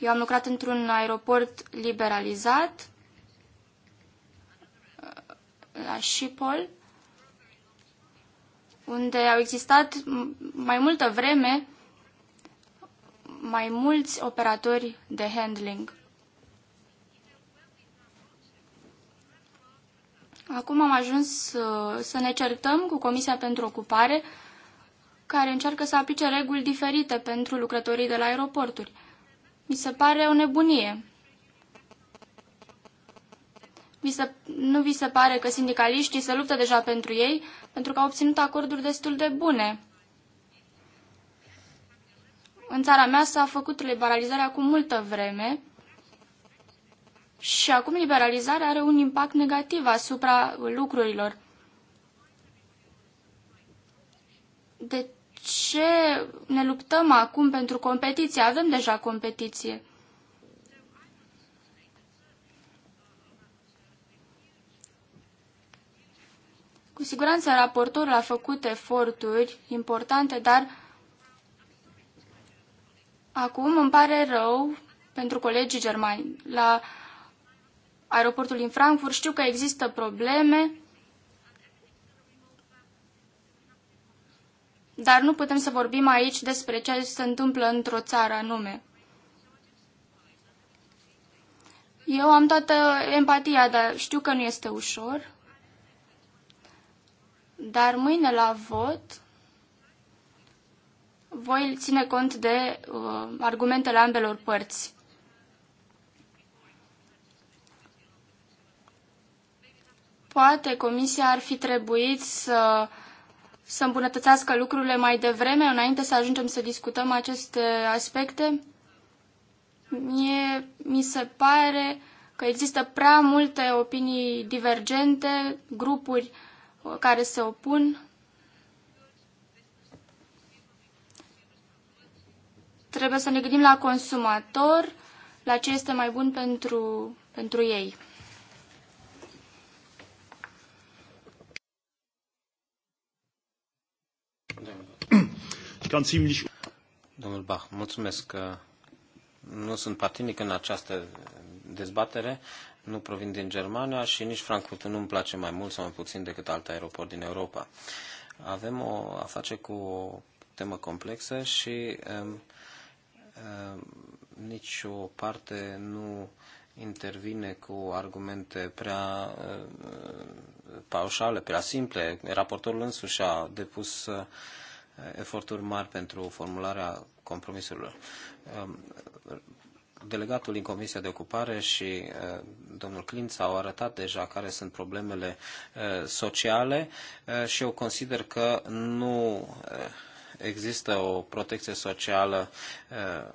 Eu am lucrat într-un aeroport liberalizat la Schiphol, unde au existat mai multă vreme mai mulți operatori de handling. Acum am ajuns uh, să ne certăm cu Comisia pentru Ocupare, care încearcă să aplice reguli diferite pentru lucrătorii de la aeroporturi. Mi se pare o nebunie. Vi se, nu vi se pare că sindicaliștii se luptă deja pentru ei, pentru că au obținut acorduri destul de bune în țara mea s-a făcut liberalizarea cu multă vreme și acum liberalizarea are un impact negativ asupra lucrurilor. De ce ne luptăm acum pentru competiție? Avem deja competiție. Cu siguranță raportorul a făcut eforturi importante, dar Acum îmi pare rău pentru colegii germani. La aeroportul din Frankfurt știu că există probleme, dar nu putem să vorbim aici despre ce se întâmplă într-o țară anume. Eu am toată empatia, dar știu că nu este ușor. Dar mâine la vot voi ține cont de uh, argumentele ambelor părți. Poate Comisia ar fi trebuit să, să îmbunătățească lucrurile mai devreme, înainte să ajungem să discutăm aceste aspecte. Mie mi se pare că există prea multe opinii divergente, grupuri uh, care se opun Trebuie să ne gândim la consumator, la ce este mai bun pentru, pentru ei. Domnul Bach, mulțumesc că nu sunt partinic în această dezbatere, nu provin din Germania și nici Frankfurtul nu-mi place mai mult sau mai puțin decât alt aeroport din Europa. Avem o a face cu o temă complexă și um, Ehm, nici o parte nu intervine cu argumente prea ehm, paușale, prea simple. Raportorul însuși a depus eh, eforturi mari pentru formularea compromisurilor. Ehm, delegatul din Comisia de Ocupare și uh, domnul Clint au arătat deja care sunt problemele uh, sociale uh, și eu consider că nu există o protecție socială uh,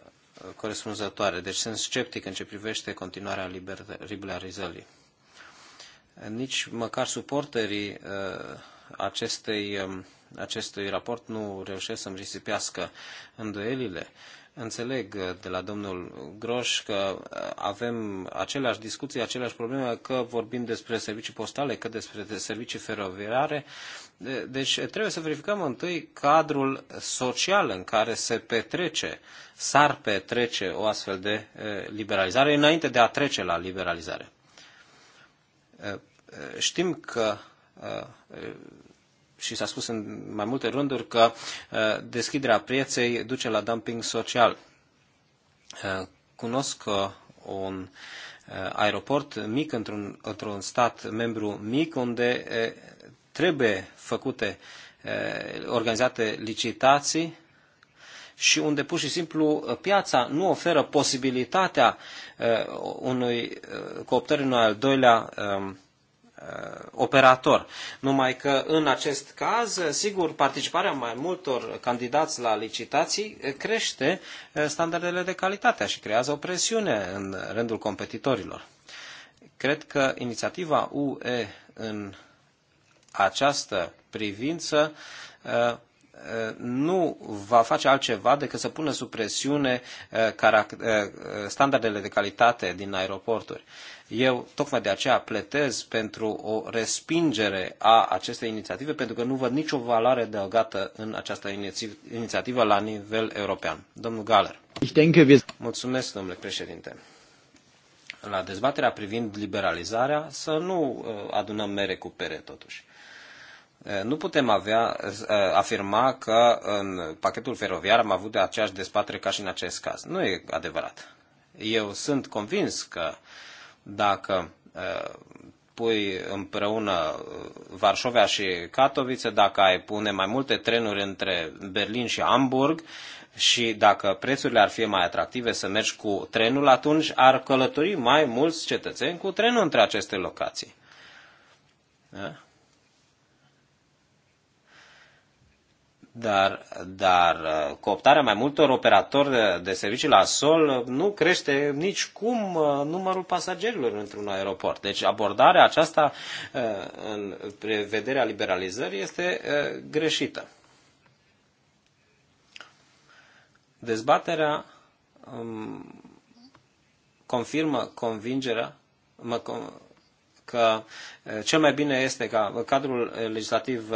corespunzătoare. Deci sunt sceptic în ce privește continuarea liberalizării. Nici măcar suporterii uh, acestei, um, acestui raport nu reușesc să-mi risipească îndoielile. Înțeleg de la domnul Groș că uh, avem aceleași discuții, aceleași probleme, că vorbim despre servicii postale, că despre servicii feroviare. Deci trebuie să verificăm întâi cadrul social în care se petrece, s-ar petrece o astfel de uh, liberalizare înainte de a trece la liberalizare. Uh, știm că și s-a spus în mai multe rânduri că uh, deschiderea pieței duce la dumping social. Uh, cunosc uh, un aeroport mic într-un, într-un stat membru mic unde trebuie făcute, organizate licitații și unde pur și simplu piața nu oferă posibilitatea unui cooptări unui al doilea um, Uh, operator. Numai că în acest caz, sigur, participarea mai multor candidați la licitații uh, crește uh, standardele de calitate și creează o presiune în rândul competitorilor. Cred că inițiativa UE în această privință nu va face altceva decât să pună sub presiune eh, eh, eh, standardele de calitate din aeroporturi. Eu tocmai de aceea pletez pentru o respingere a acestei inițiative, pentru că nu văd nicio valoare adăugată în această inițiativă la nivel european. Domnul Galer. Mulțumesc, domnule președinte. La dezbaterea privind liberalizarea, să nu adunăm mere cu pere, totuși Eh, nu putem avea, eh, afirma că în pachetul feroviar am avut de aceeași despatre ca și în acest caz. Nu e adevărat. Eu sunt convins că dacă eh, pui împreună Varșovia și Katowice, dacă ai pune mai multe trenuri între Berlin și Hamburg și dacă prețurile ar fi mai atractive să mergi cu trenul, atunci ar călători mai mulți cetățeni cu trenul între aceste locații. Da? dar, dar uh, cooptarea mai multor operatori de de servicii la sol nu crește nici cum uh, numărul pasagerilor într-un aeroport. Deci abordarea aceasta uh, în prevederea liberalizării este greșită. Dezbaterea um, confirmă convingerea mă, că cel mai bine este ca cadrul legislativ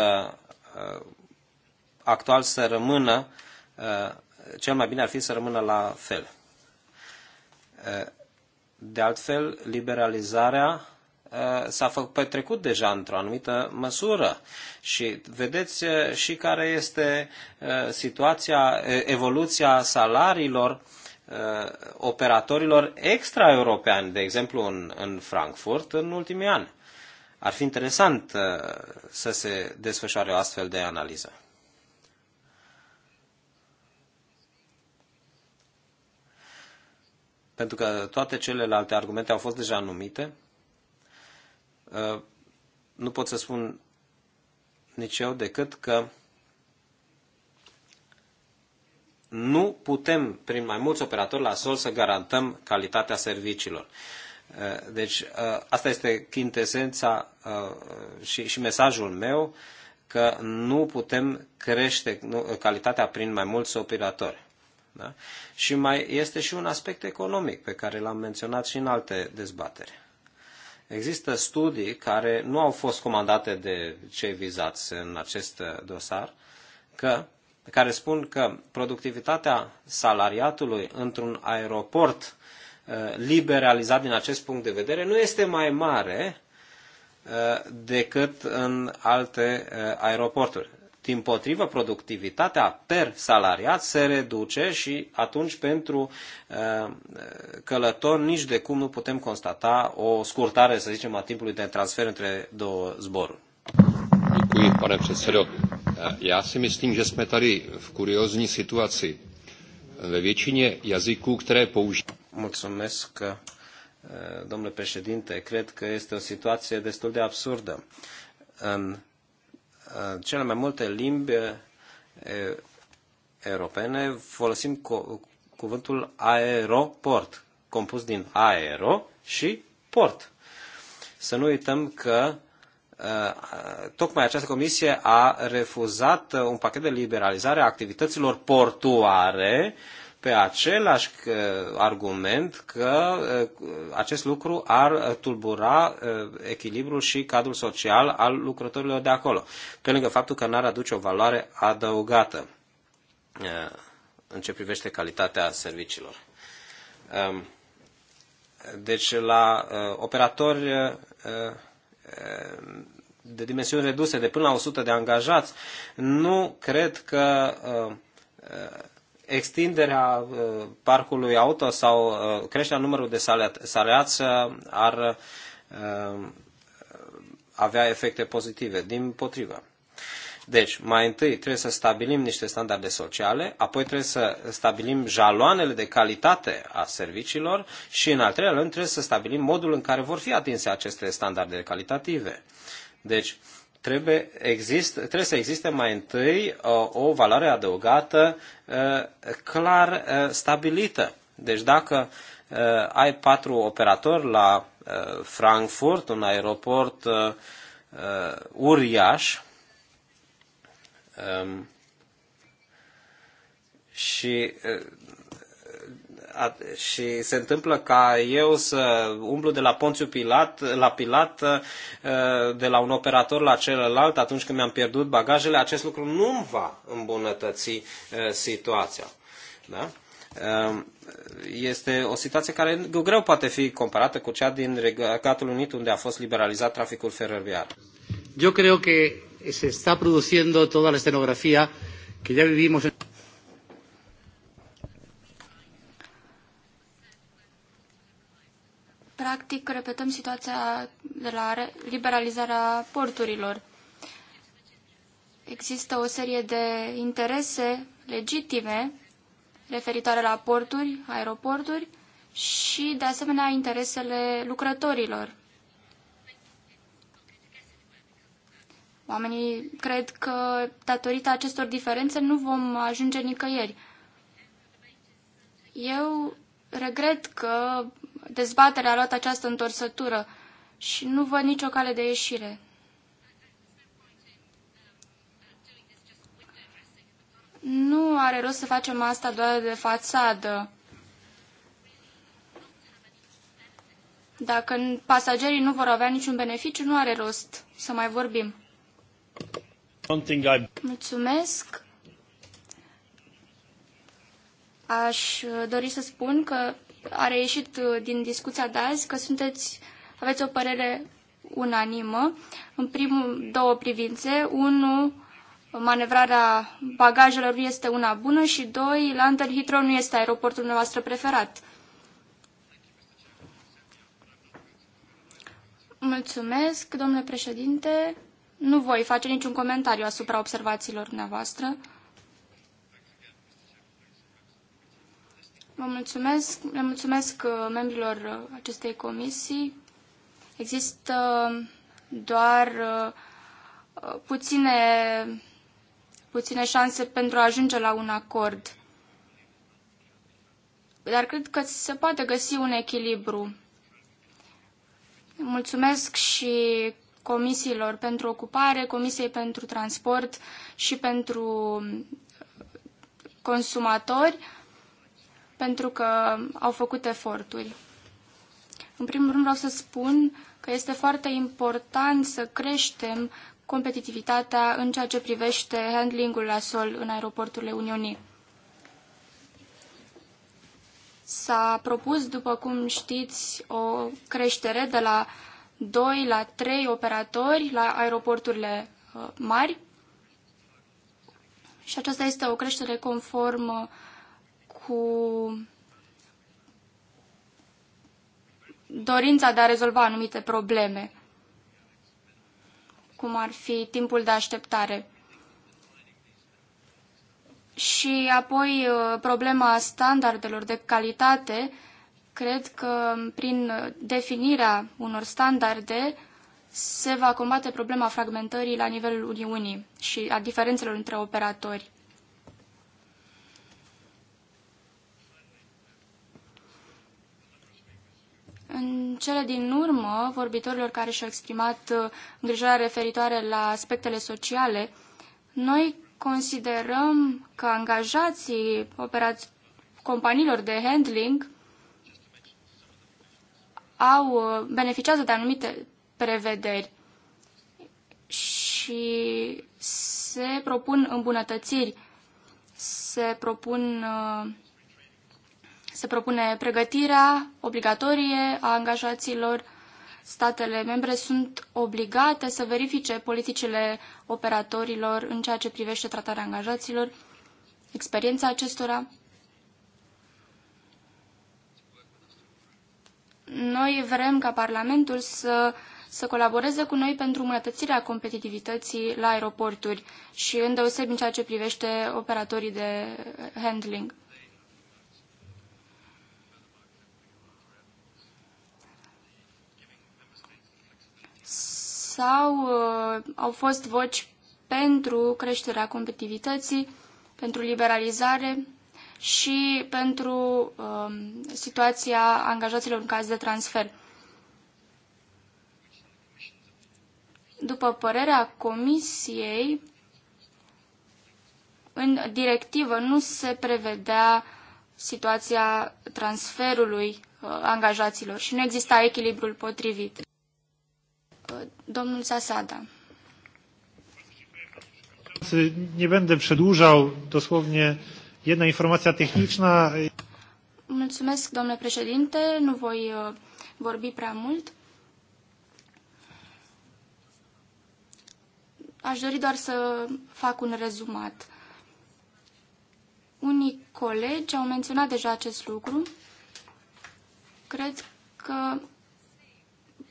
actual să rămână, uh, cel mai bine ar fi să rămână la fel. Uh, de altfel, liberalizarea uh, s-a petrecut deja într-o anumită măsură și vedeți și care este situația, evoluția salariilor operatorilor extraeuropeani, de exemplu în, în Frankfurt, în ultimii ani. Ar fi interesant să se desfășoare o astfel de analiză. pentru că toate celelalte argumente au fost deja numite. Uh, nu pot să spun nici eu decât că nu putem, prin mai mulți operatori la sol, să garantăm calitatea serviciilor. Uh, deci, uh, asta este chintesența și, și mesajul meu, că nu putem crește calitatea prin mai mulți operatori. Da? Și mai este și un aspect economic pe care l-am menționat și în alte dezbateri. Există studii care nu au fost comandate de cei vizați în acest uh, dosar, că, care spun că productivitatea salariatului într-un aeroport uh, liberalizat din acest punct de vedere nu este mai mare uh, decât în alte aeroporturi. Din potrivă, productivitatea per salariat se reduce și atunci pentru uh, călător nici de cum nu putem constata o scurtare, să zicem, a timpului de transfer între două zboruri. Děkuji, pane předsedo. Já si myslím, že jsme tady v kuriozní situaci. Ve většině jazyků, které používáme. Mulțumesc, uh, domnule președinte. Cred că este o situație destul de absurdă. În um, Uh, cele mai multe limbi uh, europene folosim cuvântul aeroport, compus din aero și port. Să nu uităm că uh, tocmai această comisie a refuzat un pachet de liberalizare a activităților portuare pe același uh, argument că uh, acest lucru ar uh, tulbura echilibrul și cadrul social al lucrătorilor de acolo, pe lângă faptul că n-ar aduce o valoare adăugată în ce privește calitatea serviciilor. Um, deci la operatori de dimensiuni reduse, de până la 100 de angajați, nu cred că extinderea uh, parcului auto sau uh, creșterea numărului de salariați ar uh, avea efecte pozitive, din potrivă. Deci, mai întâi trebuie să stabilim niște standarde sociale, apoi trebuie să stabilim jaloanele de calitate a serviciilor și, în al treilea rând, trebuie să stabilim modul în care vor fi atinse aceste standarde calitative. Deci, uh, trebuie, exist, trebuie să existe mai întâi o, uh, o valoare adăugată uh, clar uh, stabilită. Deci dacă ai patru operatori la Frankfurt, un aeroport uriaș, um, și și se întâmplă ca eu să umblu de la Ponțiu Pilat, la Pilat, uh, de la un operator la celălalt atunci când mi-am pierdut bagajele, acest lucru nu îmi va îmbunătăți uh, situația. Da? Uh, este o situație care greu poate fi comparată cu cea din Regatul Unit, unde a fost liberalizat traficul feroviar. Eu cred că se está produciendo toda la escenografía que ya vivimos. En... practic repetăm situația de la liberalizarea porturilor. Există o serie de interese legitime referitoare la porturi, aeroporturi și, de asemenea, interesele lucrătorilor. Oamenii cred că, datorită acestor diferențe, nu vom ajunge nicăieri. Eu regret că dezbaterea a luat această întorsătură și nu văd nicio cale de ieșire. Nu are rost să facem asta doar de fațadă. Dacă pasagerii nu vor avea niciun beneficiu, nu are rost să mai vorbim. Mulțumesc. Aș dori să spun că a reieșit uh, din discuția de azi că sunteți, aveți o părere unanimă în primul două privințe. Unu, manevrarea bagajelor nu este una bună și doi, London Heathrow nu este aeroportul nostru preferat. Mulțumesc, domnule președinte. Nu voi face niciun comentariu asupra observațiilor dumneavoastră. Vă mulțumesc, le mulțumesc uh, membrilor uh, acestei comisii. Există um, doar uh, puține, puține șanse pentru a ajunge la un acord. Dar cred că se poate găsi un echilibru. Mulțumesc și comisiilor pentru ocupare, comisiei pentru transport și pentru consumatori pentru că au făcut eforturi. În primul rând vreau să spun că este foarte important să creștem competitivitatea în ceea ce privește handlingul la sol în aeroporturile Uniunii. S-a propus, după cum știți, o creștere de la 2 la 3 operatori la aeroporturile uh, mari și aceasta este o creștere conform uh, cu dorința de a rezolva anumite probleme, cum ar fi timpul de așteptare. Și apoi uh, problema standardelor de calitate, cred că prin definirea unor standarde se va combate problema fragmentării la nivelul Uniunii și a diferențelor între operatori. În cele din urmă, vorbitorilor care și-au exprimat uh, îngrijorarea referitoare la aspectele sociale, noi considerăm că angajații operați companiilor de handling au, uh, beneficiază de anumite prevederi și se propun îmbunătățiri, se propun uh, se propune pregătirea obligatorie a angajaților. Statele membre sunt obligate să verifice politicile operatorilor în ceea ce privește tratarea angajaților, experiența acestora. Noi vrem ca Parlamentul să să colaboreze cu noi pentru îmbunătățirea competitivității la aeroporturi și îndeosebi în ceea ce privește operatorii de handling. sau uh, au fost voci pentru creșterea competitivității, pentru liberalizare și pentru uh, situația angajaților în caz de transfer. După părerea Comisiei, în directivă nu se prevedea situația transferului uh, angajaților și nu exista echilibrul potrivit domnul Zasada. Nie będę przedłużał, dosłownie jedna informacja techniczna. Mulțumesc, domnule președinte, nu voi uh, vorbi prea mult. Aș dori doar să fac un rezumat. Unii colegi au menționat deja acest lucru. Cred că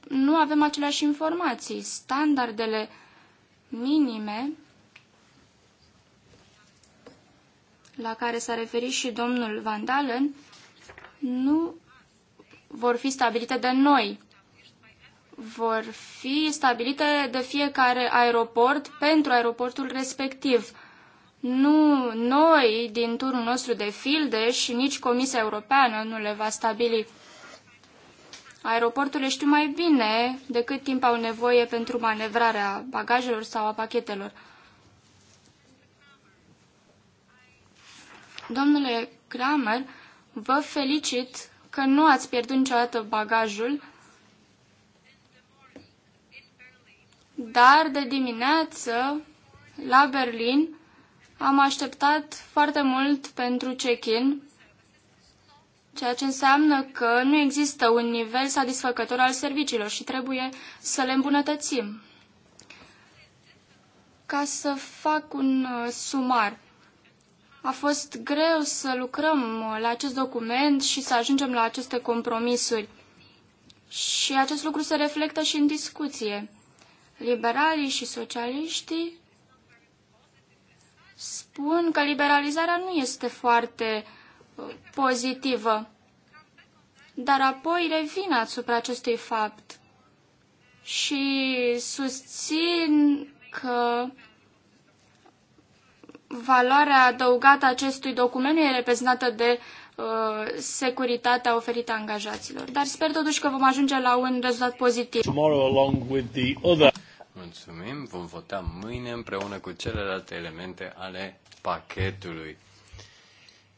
nu avem aceleași informații. Standardele minime la care s-a referit și domnul Van Dalen nu vor fi stabilite de noi. Vor fi stabilite de fiecare aeroport pentru aeroportul respectiv. Nu noi, din turul nostru de filde și nici Comisia Europeană nu le va stabili. Aeroporturile știu mai bine de cât timp au nevoie pentru manevrarea bagajelor sau a pachetelor. Domnule Kramer, vă felicit că nu ați pierdut niciodată bagajul, dar de dimineață, la Berlin, am așteptat foarte mult pentru check-in ceea ce înseamnă că nu există un nivel satisfăcător al serviciilor și trebuie să le îmbunătățim. Ca să fac un uh, sumar, a fost greu să lucrăm uh, la acest document și să ajungem la aceste compromisuri. Și acest lucru se reflectă și în discuție. Liberalii și socialiștii spun că liberalizarea nu este foarte pozitivă. Dar apoi revin asupra acestui fapt și susțin că valoarea adăugată acestui document nu e reprezentată de uh, securitatea oferită a angajaților. Dar sper totuși că vom ajunge la un rezultat pozitiv. Tomorrow, Mulțumim, vom vota mâine împreună cu celelalte elemente ale pachetului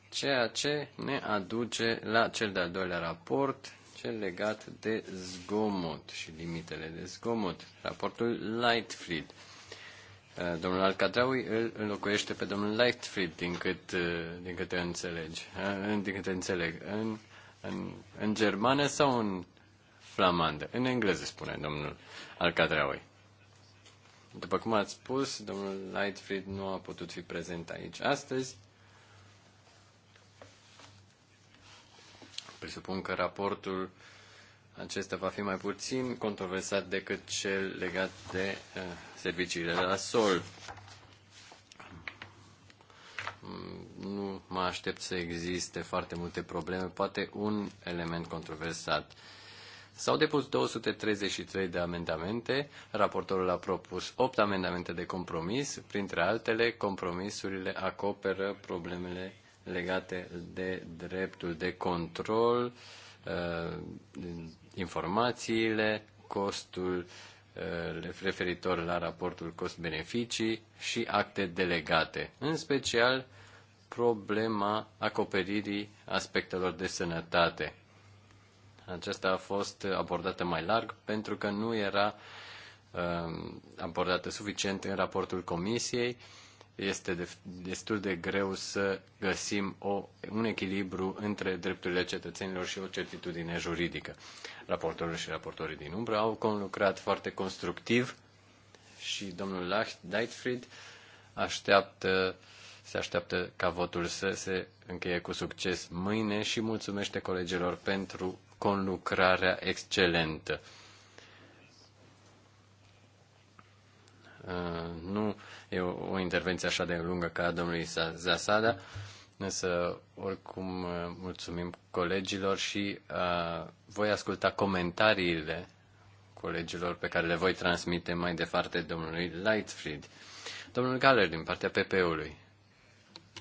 ceea ce ne aduce la cel de-al doilea raport, cel legat de zgomot și limitele de zgomot, raportul Lightfried. Uh, domnul Alcatraui îl înlocuiește pe domnul Lightfried, din, cât, uh, din câte înțelegi, uh, din câte înțeleg, în, în, în germană sau în flamandă? În engleză, spune domnul Alcatraui. După cum ați spus, domnul Lightfried nu a putut fi prezent aici astăzi, Presupun că raportul acesta va fi mai puțin controversat decât cel legat de eh, serviciile la sol. Mm, nu mă aștept să existe foarte multe probleme, poate un element controversat. S-au depus 233 de amendamente, raportorul a propus 8 amendamente de compromis, printre altele, compromisurile acoperă problemele legate de dreptul de control, uh, informațiile, costul uh, referitor la raportul cost-beneficii și acte delegate, în special problema acoperirii aspectelor de sănătate. Aceasta a fost abordată mai larg pentru că nu era uh, abordată suficient în raportul comisiei este de, destul de greu să găsim o, un echilibru între drepturile cetățenilor și o certitudine juridică. Raportorul și raportorii din umbră au conlucrat foarte constructiv și domnul Lacht Deitfried așteaptă, se așteaptă ca votul să se încheie cu succes mâine și mulțumește colegilor pentru conlucrarea excelentă. Uh, nu e o, o intervenție așa de lungă ca a domnului Zasada, însă oricum uh, mulțumim colegilor și uh, voi asculta comentariile colegilor pe care le voi transmite mai departe domnului Lightfried. Domnul Galer, din partea PP-ului.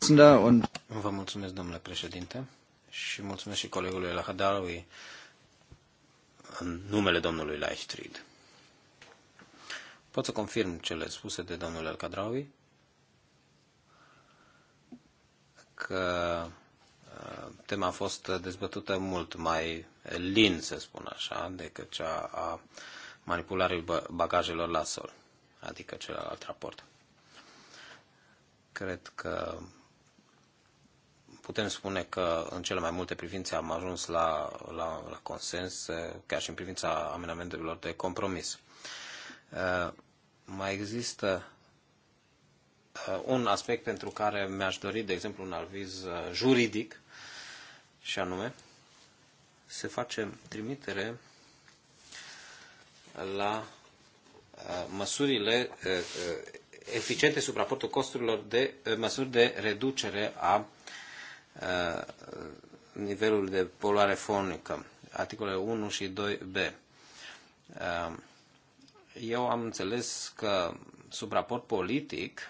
Da, un... Vă mulțumesc, domnule președinte, și mulțumesc și colegului Lahadawi în numele domnului Lightfried. Pot să confirm cele spuse de domnul El Cadraui că uh, tema a fost dezbătută mult mai lin, să spun așa, decât cea a manipulării bagajelor la sol, adică celălalt raport. Cred că putem spune că în cele mai multe privințe am ajuns la, la, la consens, chiar și în privința amenamentelor de compromis. Uh, mai există uh, un aspect pentru care mi-aș dori, de exemplu, un aviz uh, juridic, și anume, se face trimitere la uh, măsurile eficiente sub raportul costurilor de măsuri de reducere a nivelului de poluare fonică, articolele 1 și 2b eu am înțeles că sub raport politic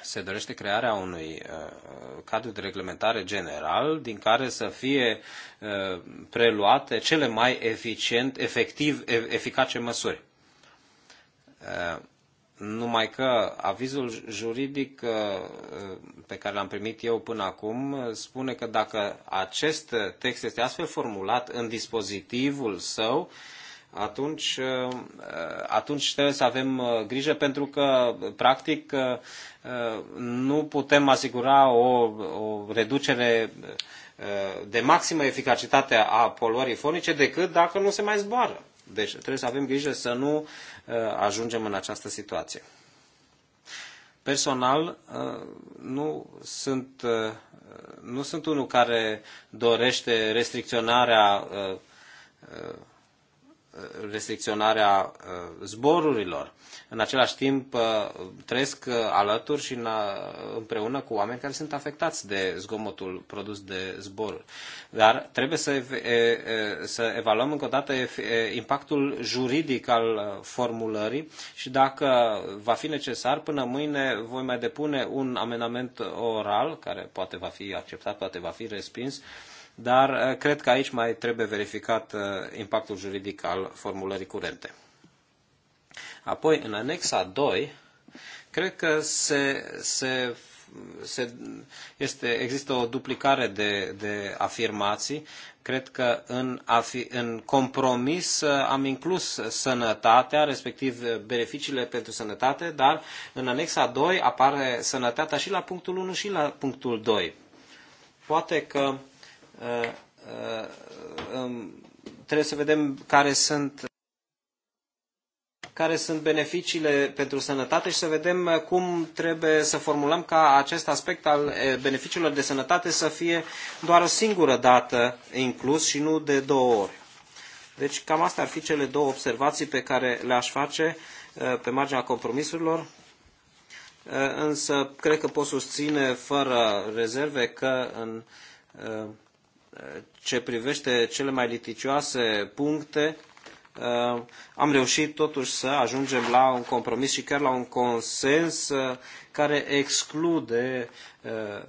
se dorește crearea unui uh, cadru de reglementare general din care să fie uh, preluate cele mai eficient, efectiv, eficace măsuri. Uh, numai că avizul juridic uh, pe care l-am primit eu până acum spune că dacă acest text este astfel formulat în dispozitivul său, atunci, uh, atunci trebuie să avem uh, grijă pentru că, practic, uh, nu putem asigura o, o reducere de maximă eficacitate a poluării fonice decât dacă nu se mai zboară. Deci trebuie să avem grijă să nu ajungem în această situație. Personal, nu sunt, nu sunt unul care dorește restricționarea Uh, restricționarea uh, zborurilor. În același timp uh, trăiesc alături și împreună cu oameni care sunt afectați de zgomotul produs de zboruri. Dar trebuie să, să evaluăm încă o dată impactul juridic al formulării și dacă va fi necesar, până mâine voi mai depune un amendament oral, care poate va fi acceptat, poate va fi respins, dar uh, cred că aici mai trebuie verificat uh, impactul juridic al formulării curente. Apoi, în anexa 2, cred că se, se, se, este, există o duplicare de, de afirmații. Cred că în, afi, în compromis uh, am inclus sănătatea, respectiv beneficiile pentru sănătate, dar în anexa 2 apare sănătatea și la punctul 1 și la punctul 2. Poate că Uh, uh, um, trebuie să vedem care sunt care sunt beneficiile pentru sănătate și să vedem uh, cum trebuie să formulăm ca acest aspect al beneficiilor de sănătate să fie doar o singură dată inclus și nu de două ori. Deci cam astea ar fi cele două observații pe care le-aș face pe marginea compromisurilor, însă cred că pot susține fără rezerve că în ce privește cele mai liticioase puncte, uh, am reușit totuși să ajungem la un compromis și chiar la un consens uh, care exclude uh,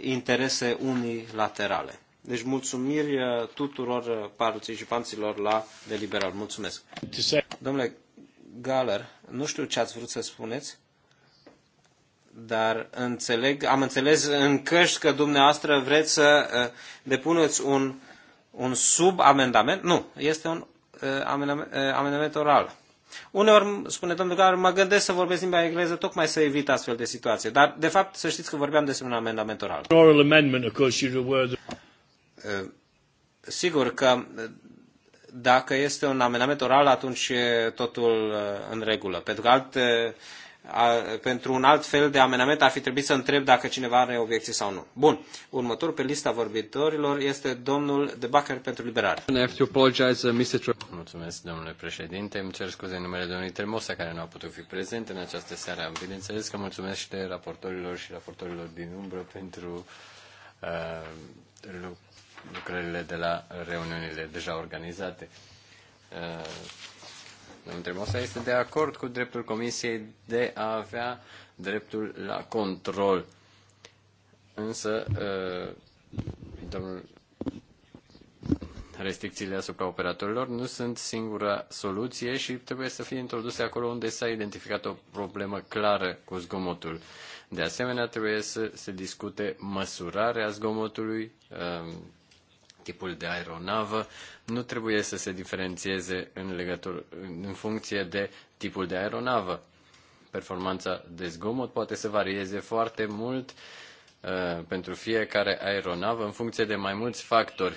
interese unilaterale. Deci mulțumiri tuturor participanților la deliberare. Mulțumesc. Domnule Galer, nu știu ce ați vrut să spuneți dar înțeleg, am înțeles în căști că dumneavoastră vreți să uh, depuneți un, un subamendament. Nu, este un uh, amendament, uh, amendament oral. Uneori, spune domnul Gar, mă gândesc să vorbesc limba engleză tocmai să evit astfel de situație. Dar, de fapt, să știți că vorbeam despre un amendament oral. Oral amendment, of course, you were the... Sigur că dacă este un amendament oral, atunci e totul în regulă. Pentru că alte a, pentru un alt fel de amenament ar fi trebuit să întreb dacă cineva are obiecții sau nu. Bun. Următorul pe lista vorbitorilor este domnul De Bacher pentru liberare. Uh, mulțumesc, domnule președinte. Îmi cer scuze în numele domnului Tremosa, care nu a putut fi prezent în această seară. Bineînțeles că mulțumesc și de raportorilor și raportorilor din umbră pentru uh, lucrările de la reuniunile deja organizate. Uh, Domnul Tremosa este de acord cu dreptul Comisiei de a avea dreptul la control. Însă, uh, domnul, restricțiile asupra operatorilor nu sunt singura soluție și trebuie să fie introduse acolo unde s-a identificat o problemă clară cu zgomotul. De asemenea, trebuie să se discute măsurarea zgomotului, uh, tipul de aeronavă nu trebuie să se diferențieze în, legătură, în funcție de tipul de aeronavă. Performanța de zgomot poate să varieze foarte mult uh, pentru fiecare aeronavă în funcție de mai mulți factori.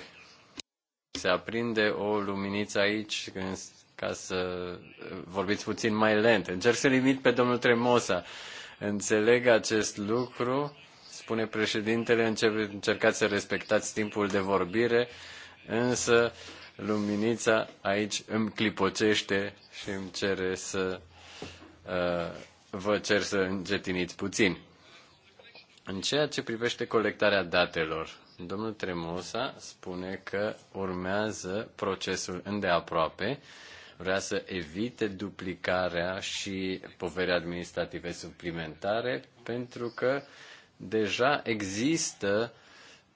Se aprinde o luminiță aici ca să uh, vorbiți puțin mai lent. Încerc să limit pe domnul Tremosa. Înțeleg acest lucru spune președintele, încercați să respectați timpul de vorbire, însă luminița aici îmi clipocește și îmi cere să uh, vă cer să încetiniți puțin. În ceea ce privește colectarea datelor, domnul Tremosa spune că urmează procesul îndeaproape, vrea să evite duplicarea și povere administrative suplimentare, pentru că deja există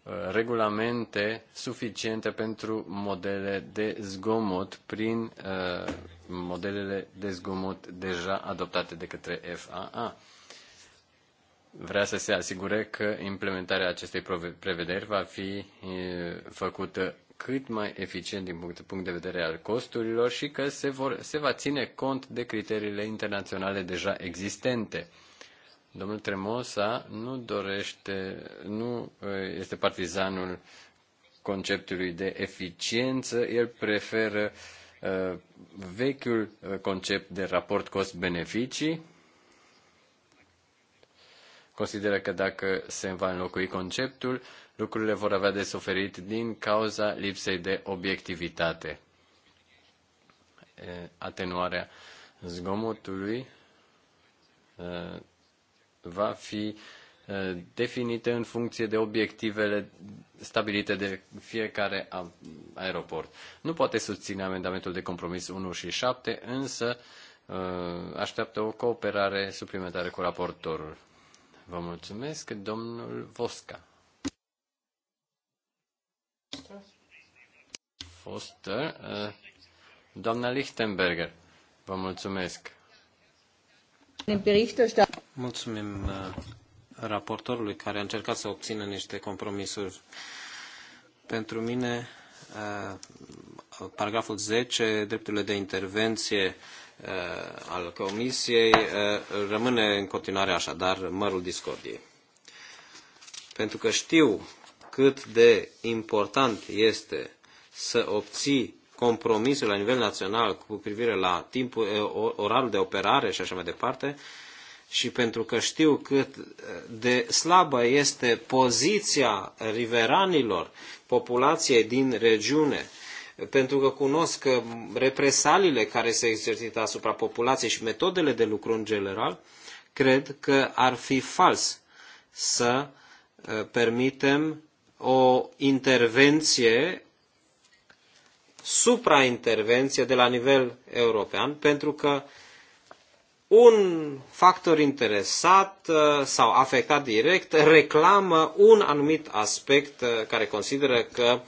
uh, regulamente suficiente pentru modele de zgomot prin uh, modelele de zgomot deja adoptate de către FAA. Vrea să se asigure că implementarea acestei prevederi va fi uh, făcută cât mai eficient din punct, de vedere al costurilor și că se, vor, se va ține cont de criteriile internaționale deja existente Domnul Tremosa nu dorește, nu uh, este partizanul conceptului de eficiență, el preferă uh, vechiul uh, concept de raport cost-beneficii. Consideră că dacă se va înlocui conceptul, lucrurile vor avea de suferit din cauza lipsei de obiectivitate. Atenuarea zgomotului va fi uh, definite în funcție de obiectivele stabilite de fiecare aeroport. Nu poate susține amendamentul de compromis 1 și 7, însă uh, așteaptă o cooperare suplimentară cu raportorul. Vă mulțumesc, domnul Vosca. Foster, uh, doamna Lichtenberger, vă mulțumesc. Mulțumim uh, raportorului care a încercat să obțină niște compromisuri. Pentru mine, uh, paragraful 10, drepturile de intervenție uh, al Comisiei, rămâne în continuare așadar mărul discordiei. Pentru că știu cât de important este să obții compromisul la nivel național cu privire la timpul, orarul de operare și așa mai departe, și pentru că știu cât de slabă este poziția riveranilor, populației din regiune, pentru că cunosc represaliile care se exercită asupra populației și metodele de lucru în general, cred că ar fi fals să uh, permitem o intervenție supraintervenție de la nivel european, pentru că uh, un factor interesat uh, sau afectat direct reclamă un anumit aspect uh, care consideră că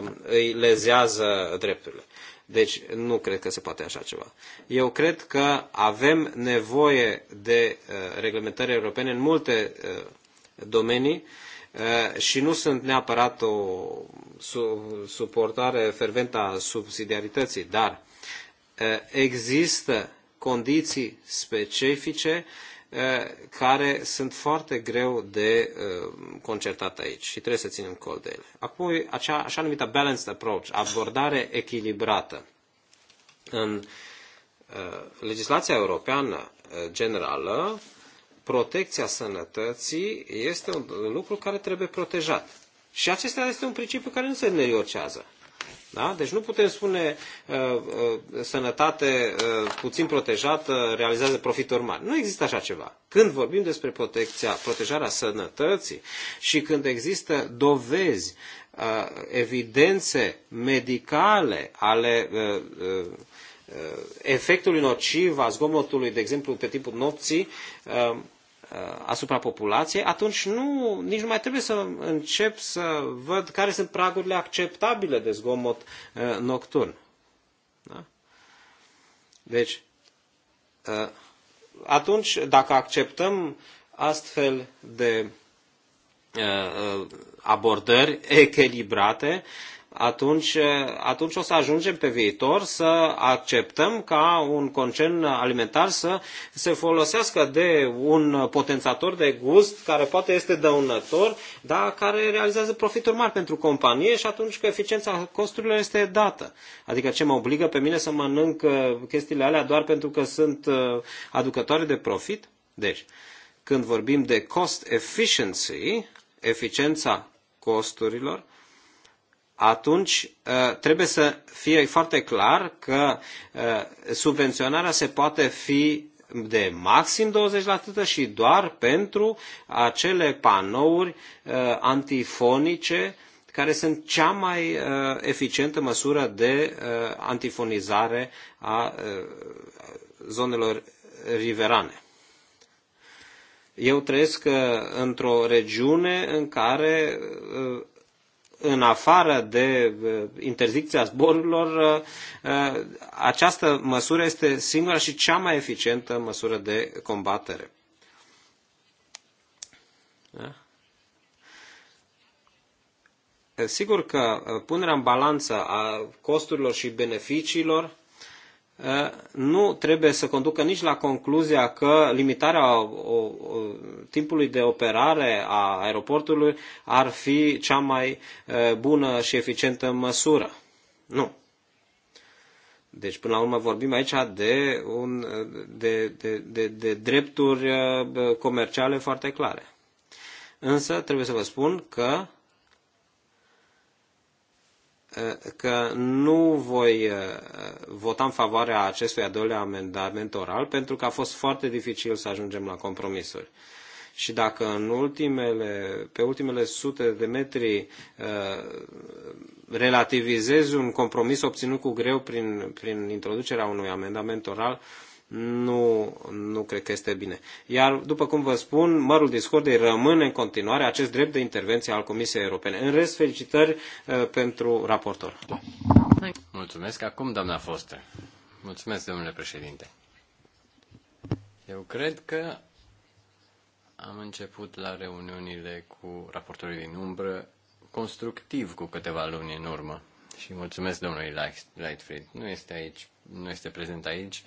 uh, îi lezează drepturile. Deci nu cred că se poate așa ceva. Eu cred că avem nevoie de reglementări europene în multe domenii și nu sunt neapărat o suportare ferventă a subsidiarității, dar există condiții specifice uh, care sunt foarte greu de uh, concertat aici și trebuie să ținem cont de ele. Apoi, acea așa numită balanced approach, abordare echilibrată. În uh, legislația europeană generală, protecția sănătății este un lucru care trebuie protejat. Și acesta este un principiu care nu se neriocează. Da? Deci nu putem spune uh, uh, sănătate uh, puțin protejată realizează profituri mari. Nu există așa ceva. Când vorbim despre protecția, protejarea sănătății și când există dovezi, uh, evidențe medicale ale uh, uh, uh efectului nociv a zgomotului, de exemplu, pe timpul nopții, uh, Uh, asupra populației, atunci nu, nici nu mai trebuie să încep să văd care sunt pragurile acceptabile de zgomot uh, nocturn. Da? Deci, uh, atunci, dacă acceptăm astfel de abordări echilibrate, atunci, atunci o să ajungem pe viitor să acceptăm ca un concern alimentar să se folosească de un potențator de gust care poate este dăunător, dar care realizează profituri mari pentru companie și atunci că eficiența costurilor este dată. Adică ce mă obligă pe mine să mănânc uh, chestiile alea doar pentru că sunt uh, aducătoare de profit? Deci, când vorbim de cost efficiency, eficiența costurilor, atunci uh, trebuie să fie foarte clar că uh, subvenționarea se poate fi de maxim 20% și doar pentru acele panouri uh, antifonice care sunt cea mai eficientă măsură de antifonizare a zonelor riverane. Eu trăiesc într-o regiune în care în afară de uh, interzicția zborurilor, uh, uh, această măsură este singura și cea mai eficientă măsură de combatere. Da? Sigur că punerea în balanță a costurilor și beneficiilor Uh, nu trebuie să conducă nici la concluzia că limitarea o, o, timpului de operare a aeroportului ar fi cea mai uh, bună și eficientă măsură. Nu. Deci, până la urmă, vorbim aici de, un, de, de, de, de drepturi uh, comerciale foarte clare. Însă, trebuie să vă spun că Eh, că nu voi eh, vota în favoarea acestui a doilea amendament oral, pentru că a fost foarte dificil să ajungem la compromisuri. Și dacă în ultimele, pe ultimele sute de metri eh, relativizezi un compromis obținut cu greu prin, prin introducerea unui amendament oral, nu, nu cred că este bine. Iar, după cum vă spun, mărul discordei rămâne în continuare acest drept de intervenție al Comisiei Europene. În rest, felicitări uh, pentru raportor. Da. Mulțumesc. Acum, doamna Foster. Mulțumesc, domnule președinte. Eu cred că am început la reuniunile cu raportorii din umbră constructiv cu câteva luni în urmă. Și mulțumesc domnului Lightfried. Nu este aici, nu este prezent aici,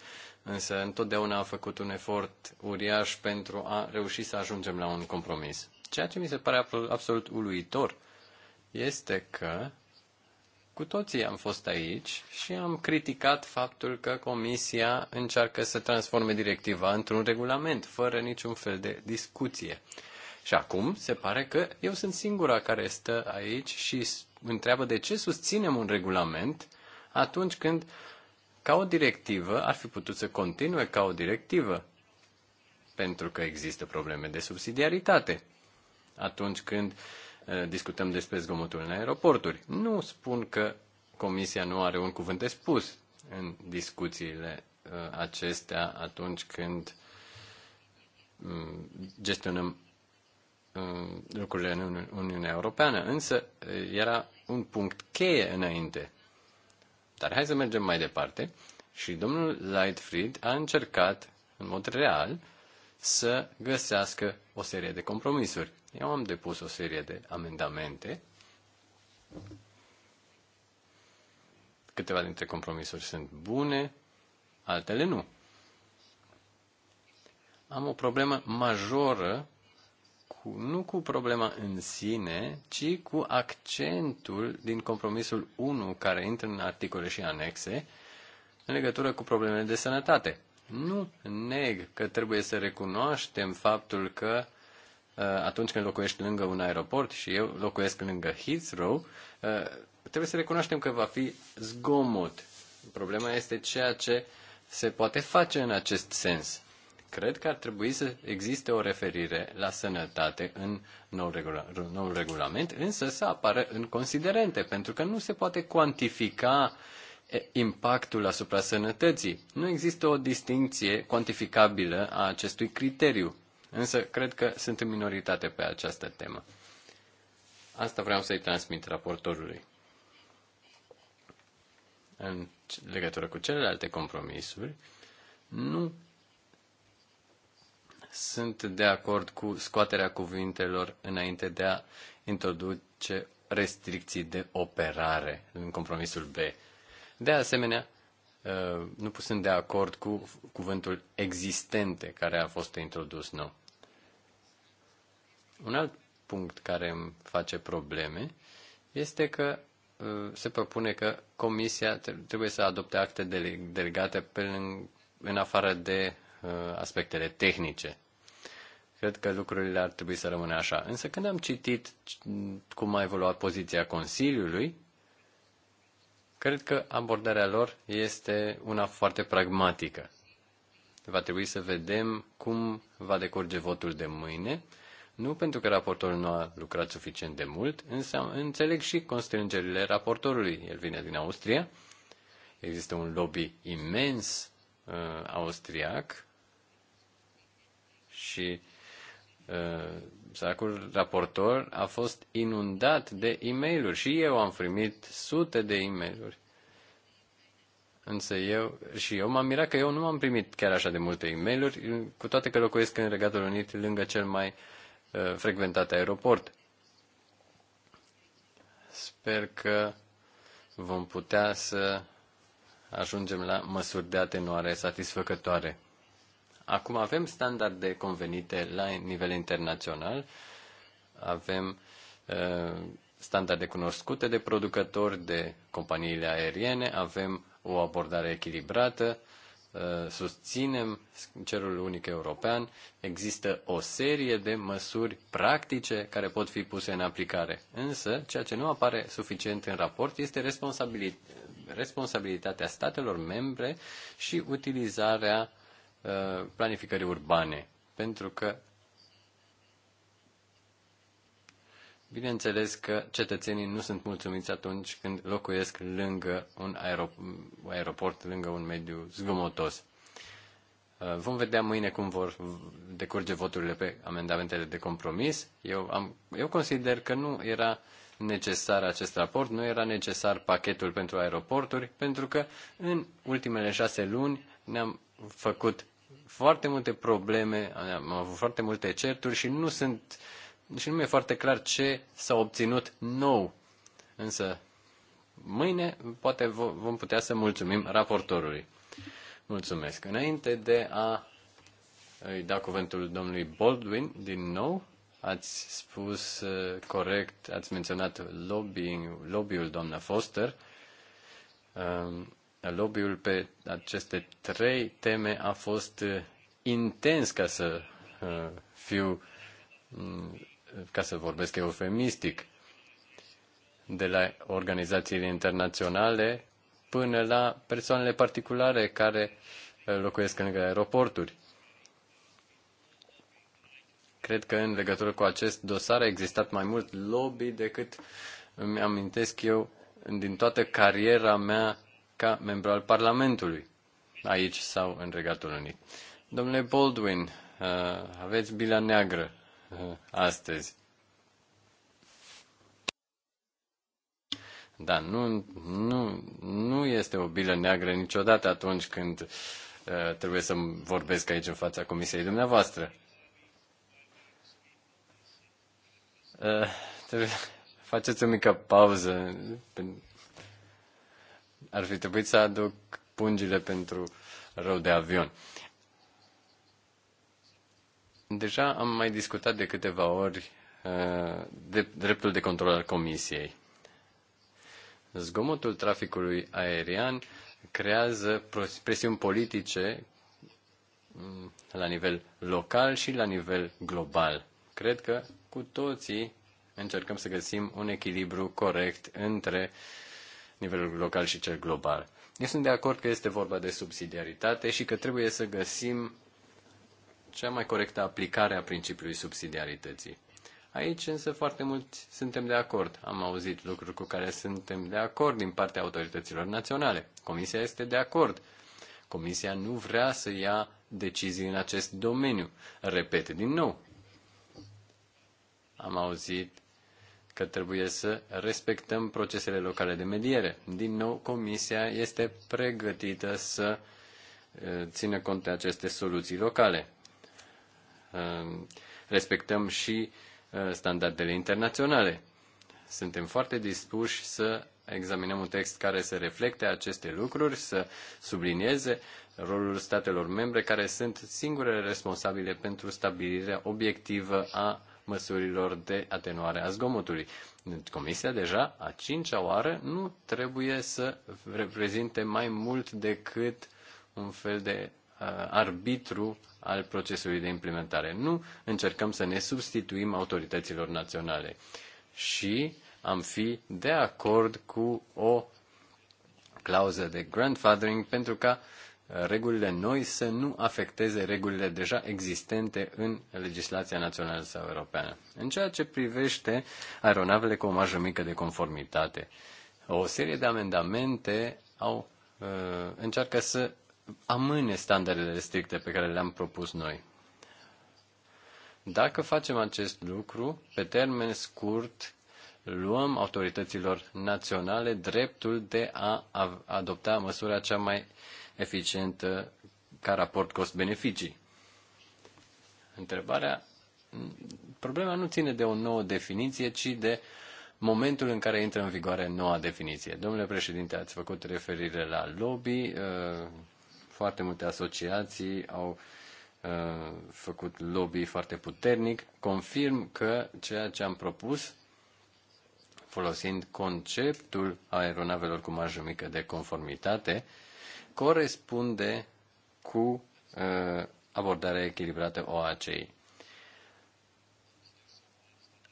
însă întotdeauna a făcut un efort uriaș pentru a reuși să ajungem la un compromis. Ceea ce mi se pare absolut uluitor este că cu toții am fost aici și am criticat faptul că Comisia încearcă să transforme directiva într-un regulament, fără niciun fel de discuție. Și acum se pare că eu sunt singura care stă aici și întreabă de ce susținem un regulament atunci când ca o directivă, ar fi putut să continue ca o directivă, pentru că există probleme de subsidiaritate atunci când uh, discutăm despre zgomotul în aeroporturi. Nu spun că Comisia nu are un cuvânt de spus în discuțiile uh, acestea atunci când mm, gestionăm mm, lucrurile în Uniunea Europeană, însă uh, era un punct cheie înainte dar hai să mergem mai departe. Și domnul Lightfried a încercat, în mod real, să găsească o serie de compromisuri. Eu am depus o serie de amendamente. Câteva dintre compromisuri sunt bune, altele nu. Am o problemă majoră cu, nu cu problema în sine, ci cu accentul din compromisul 1 care intră în articole și anexe în legătură cu problemele de sănătate. Nu neg că trebuie să recunoaștem faptul că uh, atunci când locuiești lângă un aeroport și eu locuiesc lângă Heathrow, uh, trebuie să recunoaștem că va fi zgomot. Problema este ceea ce se poate face în acest sens. Cred că ar trebui să existe o referire la sănătate în noul regula, regulament, însă să apară în considerente, pentru că nu se poate cuantifica impactul asupra sănătății. Nu există o distinție cuantificabilă a acestui criteriu, însă cred că sunt în minoritate pe această temă. Asta vreau să-i transmit raportorului. În legătură cu celelalte compromisuri, nu sunt de acord cu scoaterea cuvintelor înainte de a introduce restricții de operare în compromisul B. De asemenea, uh, nu sunt de acord cu cuvântul existente care a fost introdus nou. Un alt punct care îmi face probleme este că uh, se propune că comisia trebuie să adopte acte delegate pe în, în afară de uh, aspectele tehnice. Cred că lucrurile ar trebui să rămână așa. Însă când am citit cum a evoluat poziția Consiliului, cred că abordarea lor este una foarte pragmatică. Va trebui să vedem cum va decurge votul de mâine, nu pentru că raportorul nu a lucrat suficient de mult, însă înțeleg și constrângerile raportorului. El vine din Austria, există un lobby imens uh, austriac și Uh, sacul raportor a fost inundat de e mail și eu am primit sute de e mail Însă eu și eu m-am mirat că eu nu am primit chiar așa de multe e mail cu toate că locuiesc în Regatul Unit, lângă cel mai uh, frecventat aeroport. Sper că vom putea să ajungem la măsuri de atenuare satisfăcătoare. Acum avem standarde convenite la nivel internațional, avem uh, standarde cunoscute de producători, de companiile aeriene, avem o abordare echilibrată, uh, susținem cerul unic european, există o serie de măsuri practice care pot fi puse în aplicare. Însă, ceea ce nu apare suficient în raport este responsabilitatea statelor membre și utilizarea Uh, planificării urbane, pentru că Bineînțeles că cetățenii nu sunt mulțumiți atunci când locuiesc lângă un aeroport, lângă un mediu zgomotos. Uh, vom vedea mâine cum vor decurge voturile pe amendamentele de compromis. Eu, am, eu consider că nu era necesar acest raport, nu era necesar pachetul pentru aeroporturi, pentru că în ultimele șase luni ne-am făcut foarte multe probleme, am avut foarte multe certuri și nu sunt și nu mi-e foarte clar ce s-a obținut nou. Însă mâine poate vom putea să mulțumim raportorului. Mulțumesc. Înainte de a îi da cuvântul domnului Baldwin din nou, ați spus uh, corect, ați menționat lobbying, lobby-ul doamna Foster. Um, Lobby-ul pe aceste trei teme a fost uh, intens, ca să uh, fiu, mm, ca să vorbesc eufemistic, de la organizațiile internaționale până la persoanele particulare care uh, locuiesc în aeroporturi. Cred că în legătură cu acest dosar a existat mai mult lobby decât îmi amintesc eu din toată cariera mea ca membru al Parlamentului, aici sau în Regatul Unit. Domnule Baldwin, uh, aveți bila neagră uh, astăzi. Da, nu, nu, nu este o bilă neagră niciodată atunci când uh, trebuie să vorbesc aici în fața comisiei dumneavoastră. Uh, trebuie, faceți o mică pauză ar fi trebuit să aduc pungile pentru rău de avion. Deja am mai discutat de câteva ori uh, de dreptul de control al Comisiei. Zgomotul traficului aerian creează presiuni politice mm, la nivel local și la nivel global. Cred că cu toții încercăm să găsim un echilibru corect între nivelul local și cel global. Eu sunt de acord că este vorba de subsidiaritate și că trebuie să găsim cea mai corectă aplicare a principiului subsidiarității. Aici însă foarte mult, suntem de acord. Am auzit lucruri cu care suntem de acord din partea autorităților naționale. Comisia este de acord. Comisia nu vrea să ia decizii în acest domeniu. Repet din nou. Am auzit că trebuie să respectăm procesele locale de mediere. Din nou, Comisia este pregătită să uh, țină cont de aceste soluții locale. Uh, respectăm și uh, standardele internaționale. Suntem foarte dispuși să examinăm un text care să reflecte aceste lucruri, să sublinieze rolul statelor membre care sunt singurele responsabile pentru stabilirea obiectivă a măsurilor de atenuare a zgomotului. Comisia deja, a cincea oară, nu trebuie să reprezinte mai mult decât un fel de uh, arbitru al procesului de implementare. Nu încercăm să ne substituim autorităților naționale. Și am fi de acord cu o clauză de grandfathering pentru ca uh, regulile noi să nu afecteze regulile deja existente în legislația națională sau europeană. În ceea ce privește aeronavele cu o marjă mică de conformitate, o serie de amendamente au, uh, încearcă să amâne standardele stricte pe care le-am propus noi. Dacă facem acest lucru, pe termen scurt, luăm autorităților naționale dreptul de a adopta măsura cea mai uh, eficientă ca raport cost-beneficii. Întrebarea, problema nu ține de o nouă definiție, ci de momentul în care intră în vigoare noua definiție. Domnule președinte, ați făcut referire la lobby, uh, foarte multe asociații au uh, făcut lobby foarte puternic. Confirm că ceea ce am propus, folosind conceptul aeronavelor cu marjă mică de conformitate, corespunde cu uh, abordarea echilibrată OACI.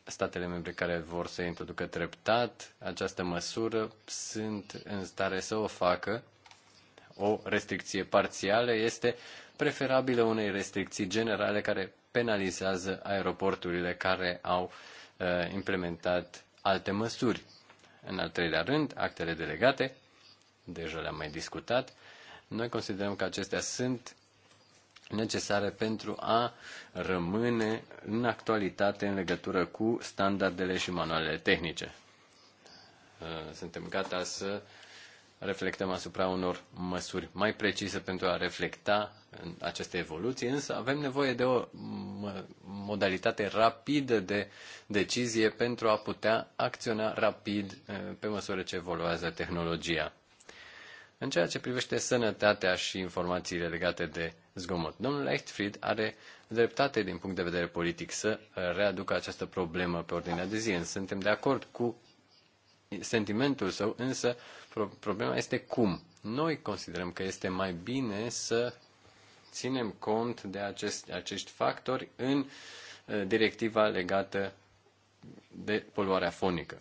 Statele membre care vor să introducă treptat această măsură sunt în stare să o facă. O restricție parțială este preferabilă unei restricții generale care penalizează aeroporturile care au uh, implementat alte măsuri. În al treilea rând, actele delegate, deja le-am mai discutat, noi considerăm că acestea sunt necesare pentru a rămâne în actualitate în legătură cu standardele și manualele tehnice. Uh, suntem gata să reflectăm asupra unor măsuri mai precise pentru a reflecta aceste evoluții, însă avem nevoie de o modalitate rapidă de decizie pentru a putea acționa rapid uh, pe măsură ce evoluează tehnologia. În ceea ce privește sănătatea și informațiile legate de zgomot, domnul Echtfried are dreptate din punct de vedere politic să readucă această problemă pe ordinea de zi. suntem de acord cu sentimentul său, însă problema este cum. Noi considerăm că este mai bine să ținem cont de acest, acești factori în uh, directiva legată de poluarea fonică.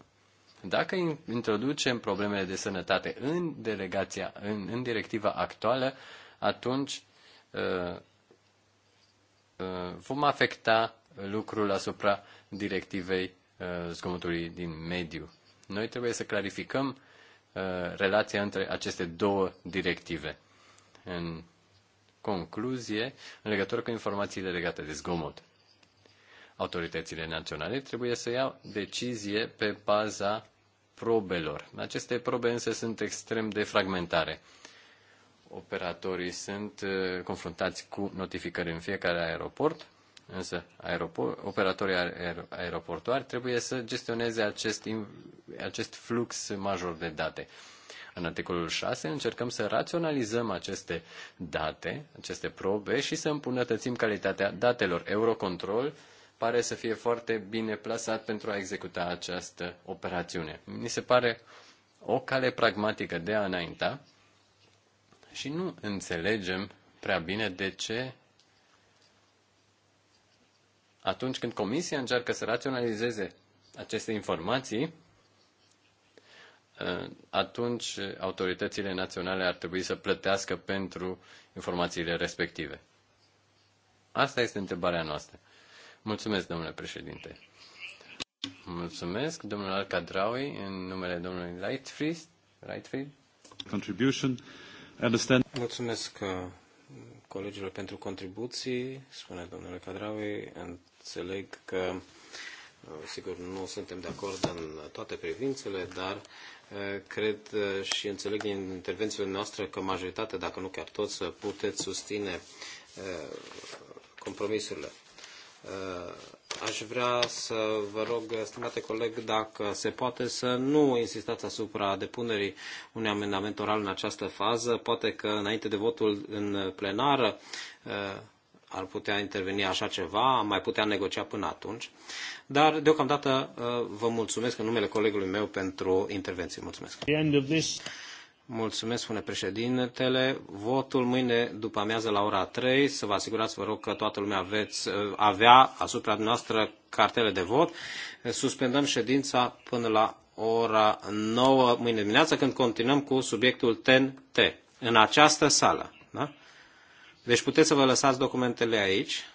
Dacă introducem problemele de sănătate în delegația, în, în directiva actuală, atunci uh, uh, vom afecta lucrul asupra directivei uh, zgomotului din mediu. Noi trebuie să clarificăm uh, relația între aceste două directive. În concluzie, în legătură cu informațiile legate de zgomot autoritățile naționale trebuie să ia decizie pe baza probelor. Aceste probe însă sunt extrem de fragmentare. Operatorii sunt uh, confruntați cu notificări în fiecare aeroport, însă aeroport, operatorii aer, aeroportuari trebuie să gestioneze acest, acest flux major de date. În articolul 6 încercăm să raționalizăm aceste date, aceste probe și să îmbunătățim calitatea datelor. Eurocontrol uh, pare să fie foarte bine plasat pentru a executa această operațiune. Mi se pare o cale pragmatică de a înainta și nu înțelegem prea bine de ce atunci când Comisia încearcă să raționalizeze aceste informații, uh, atunci autoritățile naționale ar trebui să plătească pentru informațiile respective. Asta este întrebarea noastră. Mulțumesc, domnule președinte. Mulțumesc, domnul Alcadraui, în numele domnului Lightfried. Lightfried. Contribution. Understand. Mulțumesc uh, colegilor pentru contribuții, spune domnule Cadraui. Înțeleg că uh, Sigur, nu suntem de acord în toate privințele, dar uh, cred și înțeleg din intervențiile noastre că majoritatea, dacă nu chiar toți, puteți susține compromisurile. Aș vrea să vă rog, stimate coleg, dacă se poate să nu insistați asupra depunerii unui amendament oral în această fază. Poate că înainte de votul în plenară uh, ar putea interveni așa ceva, am mai putea negocia până atunci. Dar deocamdată uh, vă mulțumesc în numele colegului meu pentru intervenție. Mulțumesc. Mulțumesc, spune președintele. Votul mâine după amiază la ora 3. Să vă asigurați, vă rog, că toată lumea veți uh, avea asupra noastră cartele de vot. Suspendăm ședința până la ora 9 mâine dimineață, când continuăm cu subiectul TEN-T, în această sală. Da? Deci puteți să vă lăsați documentele aici.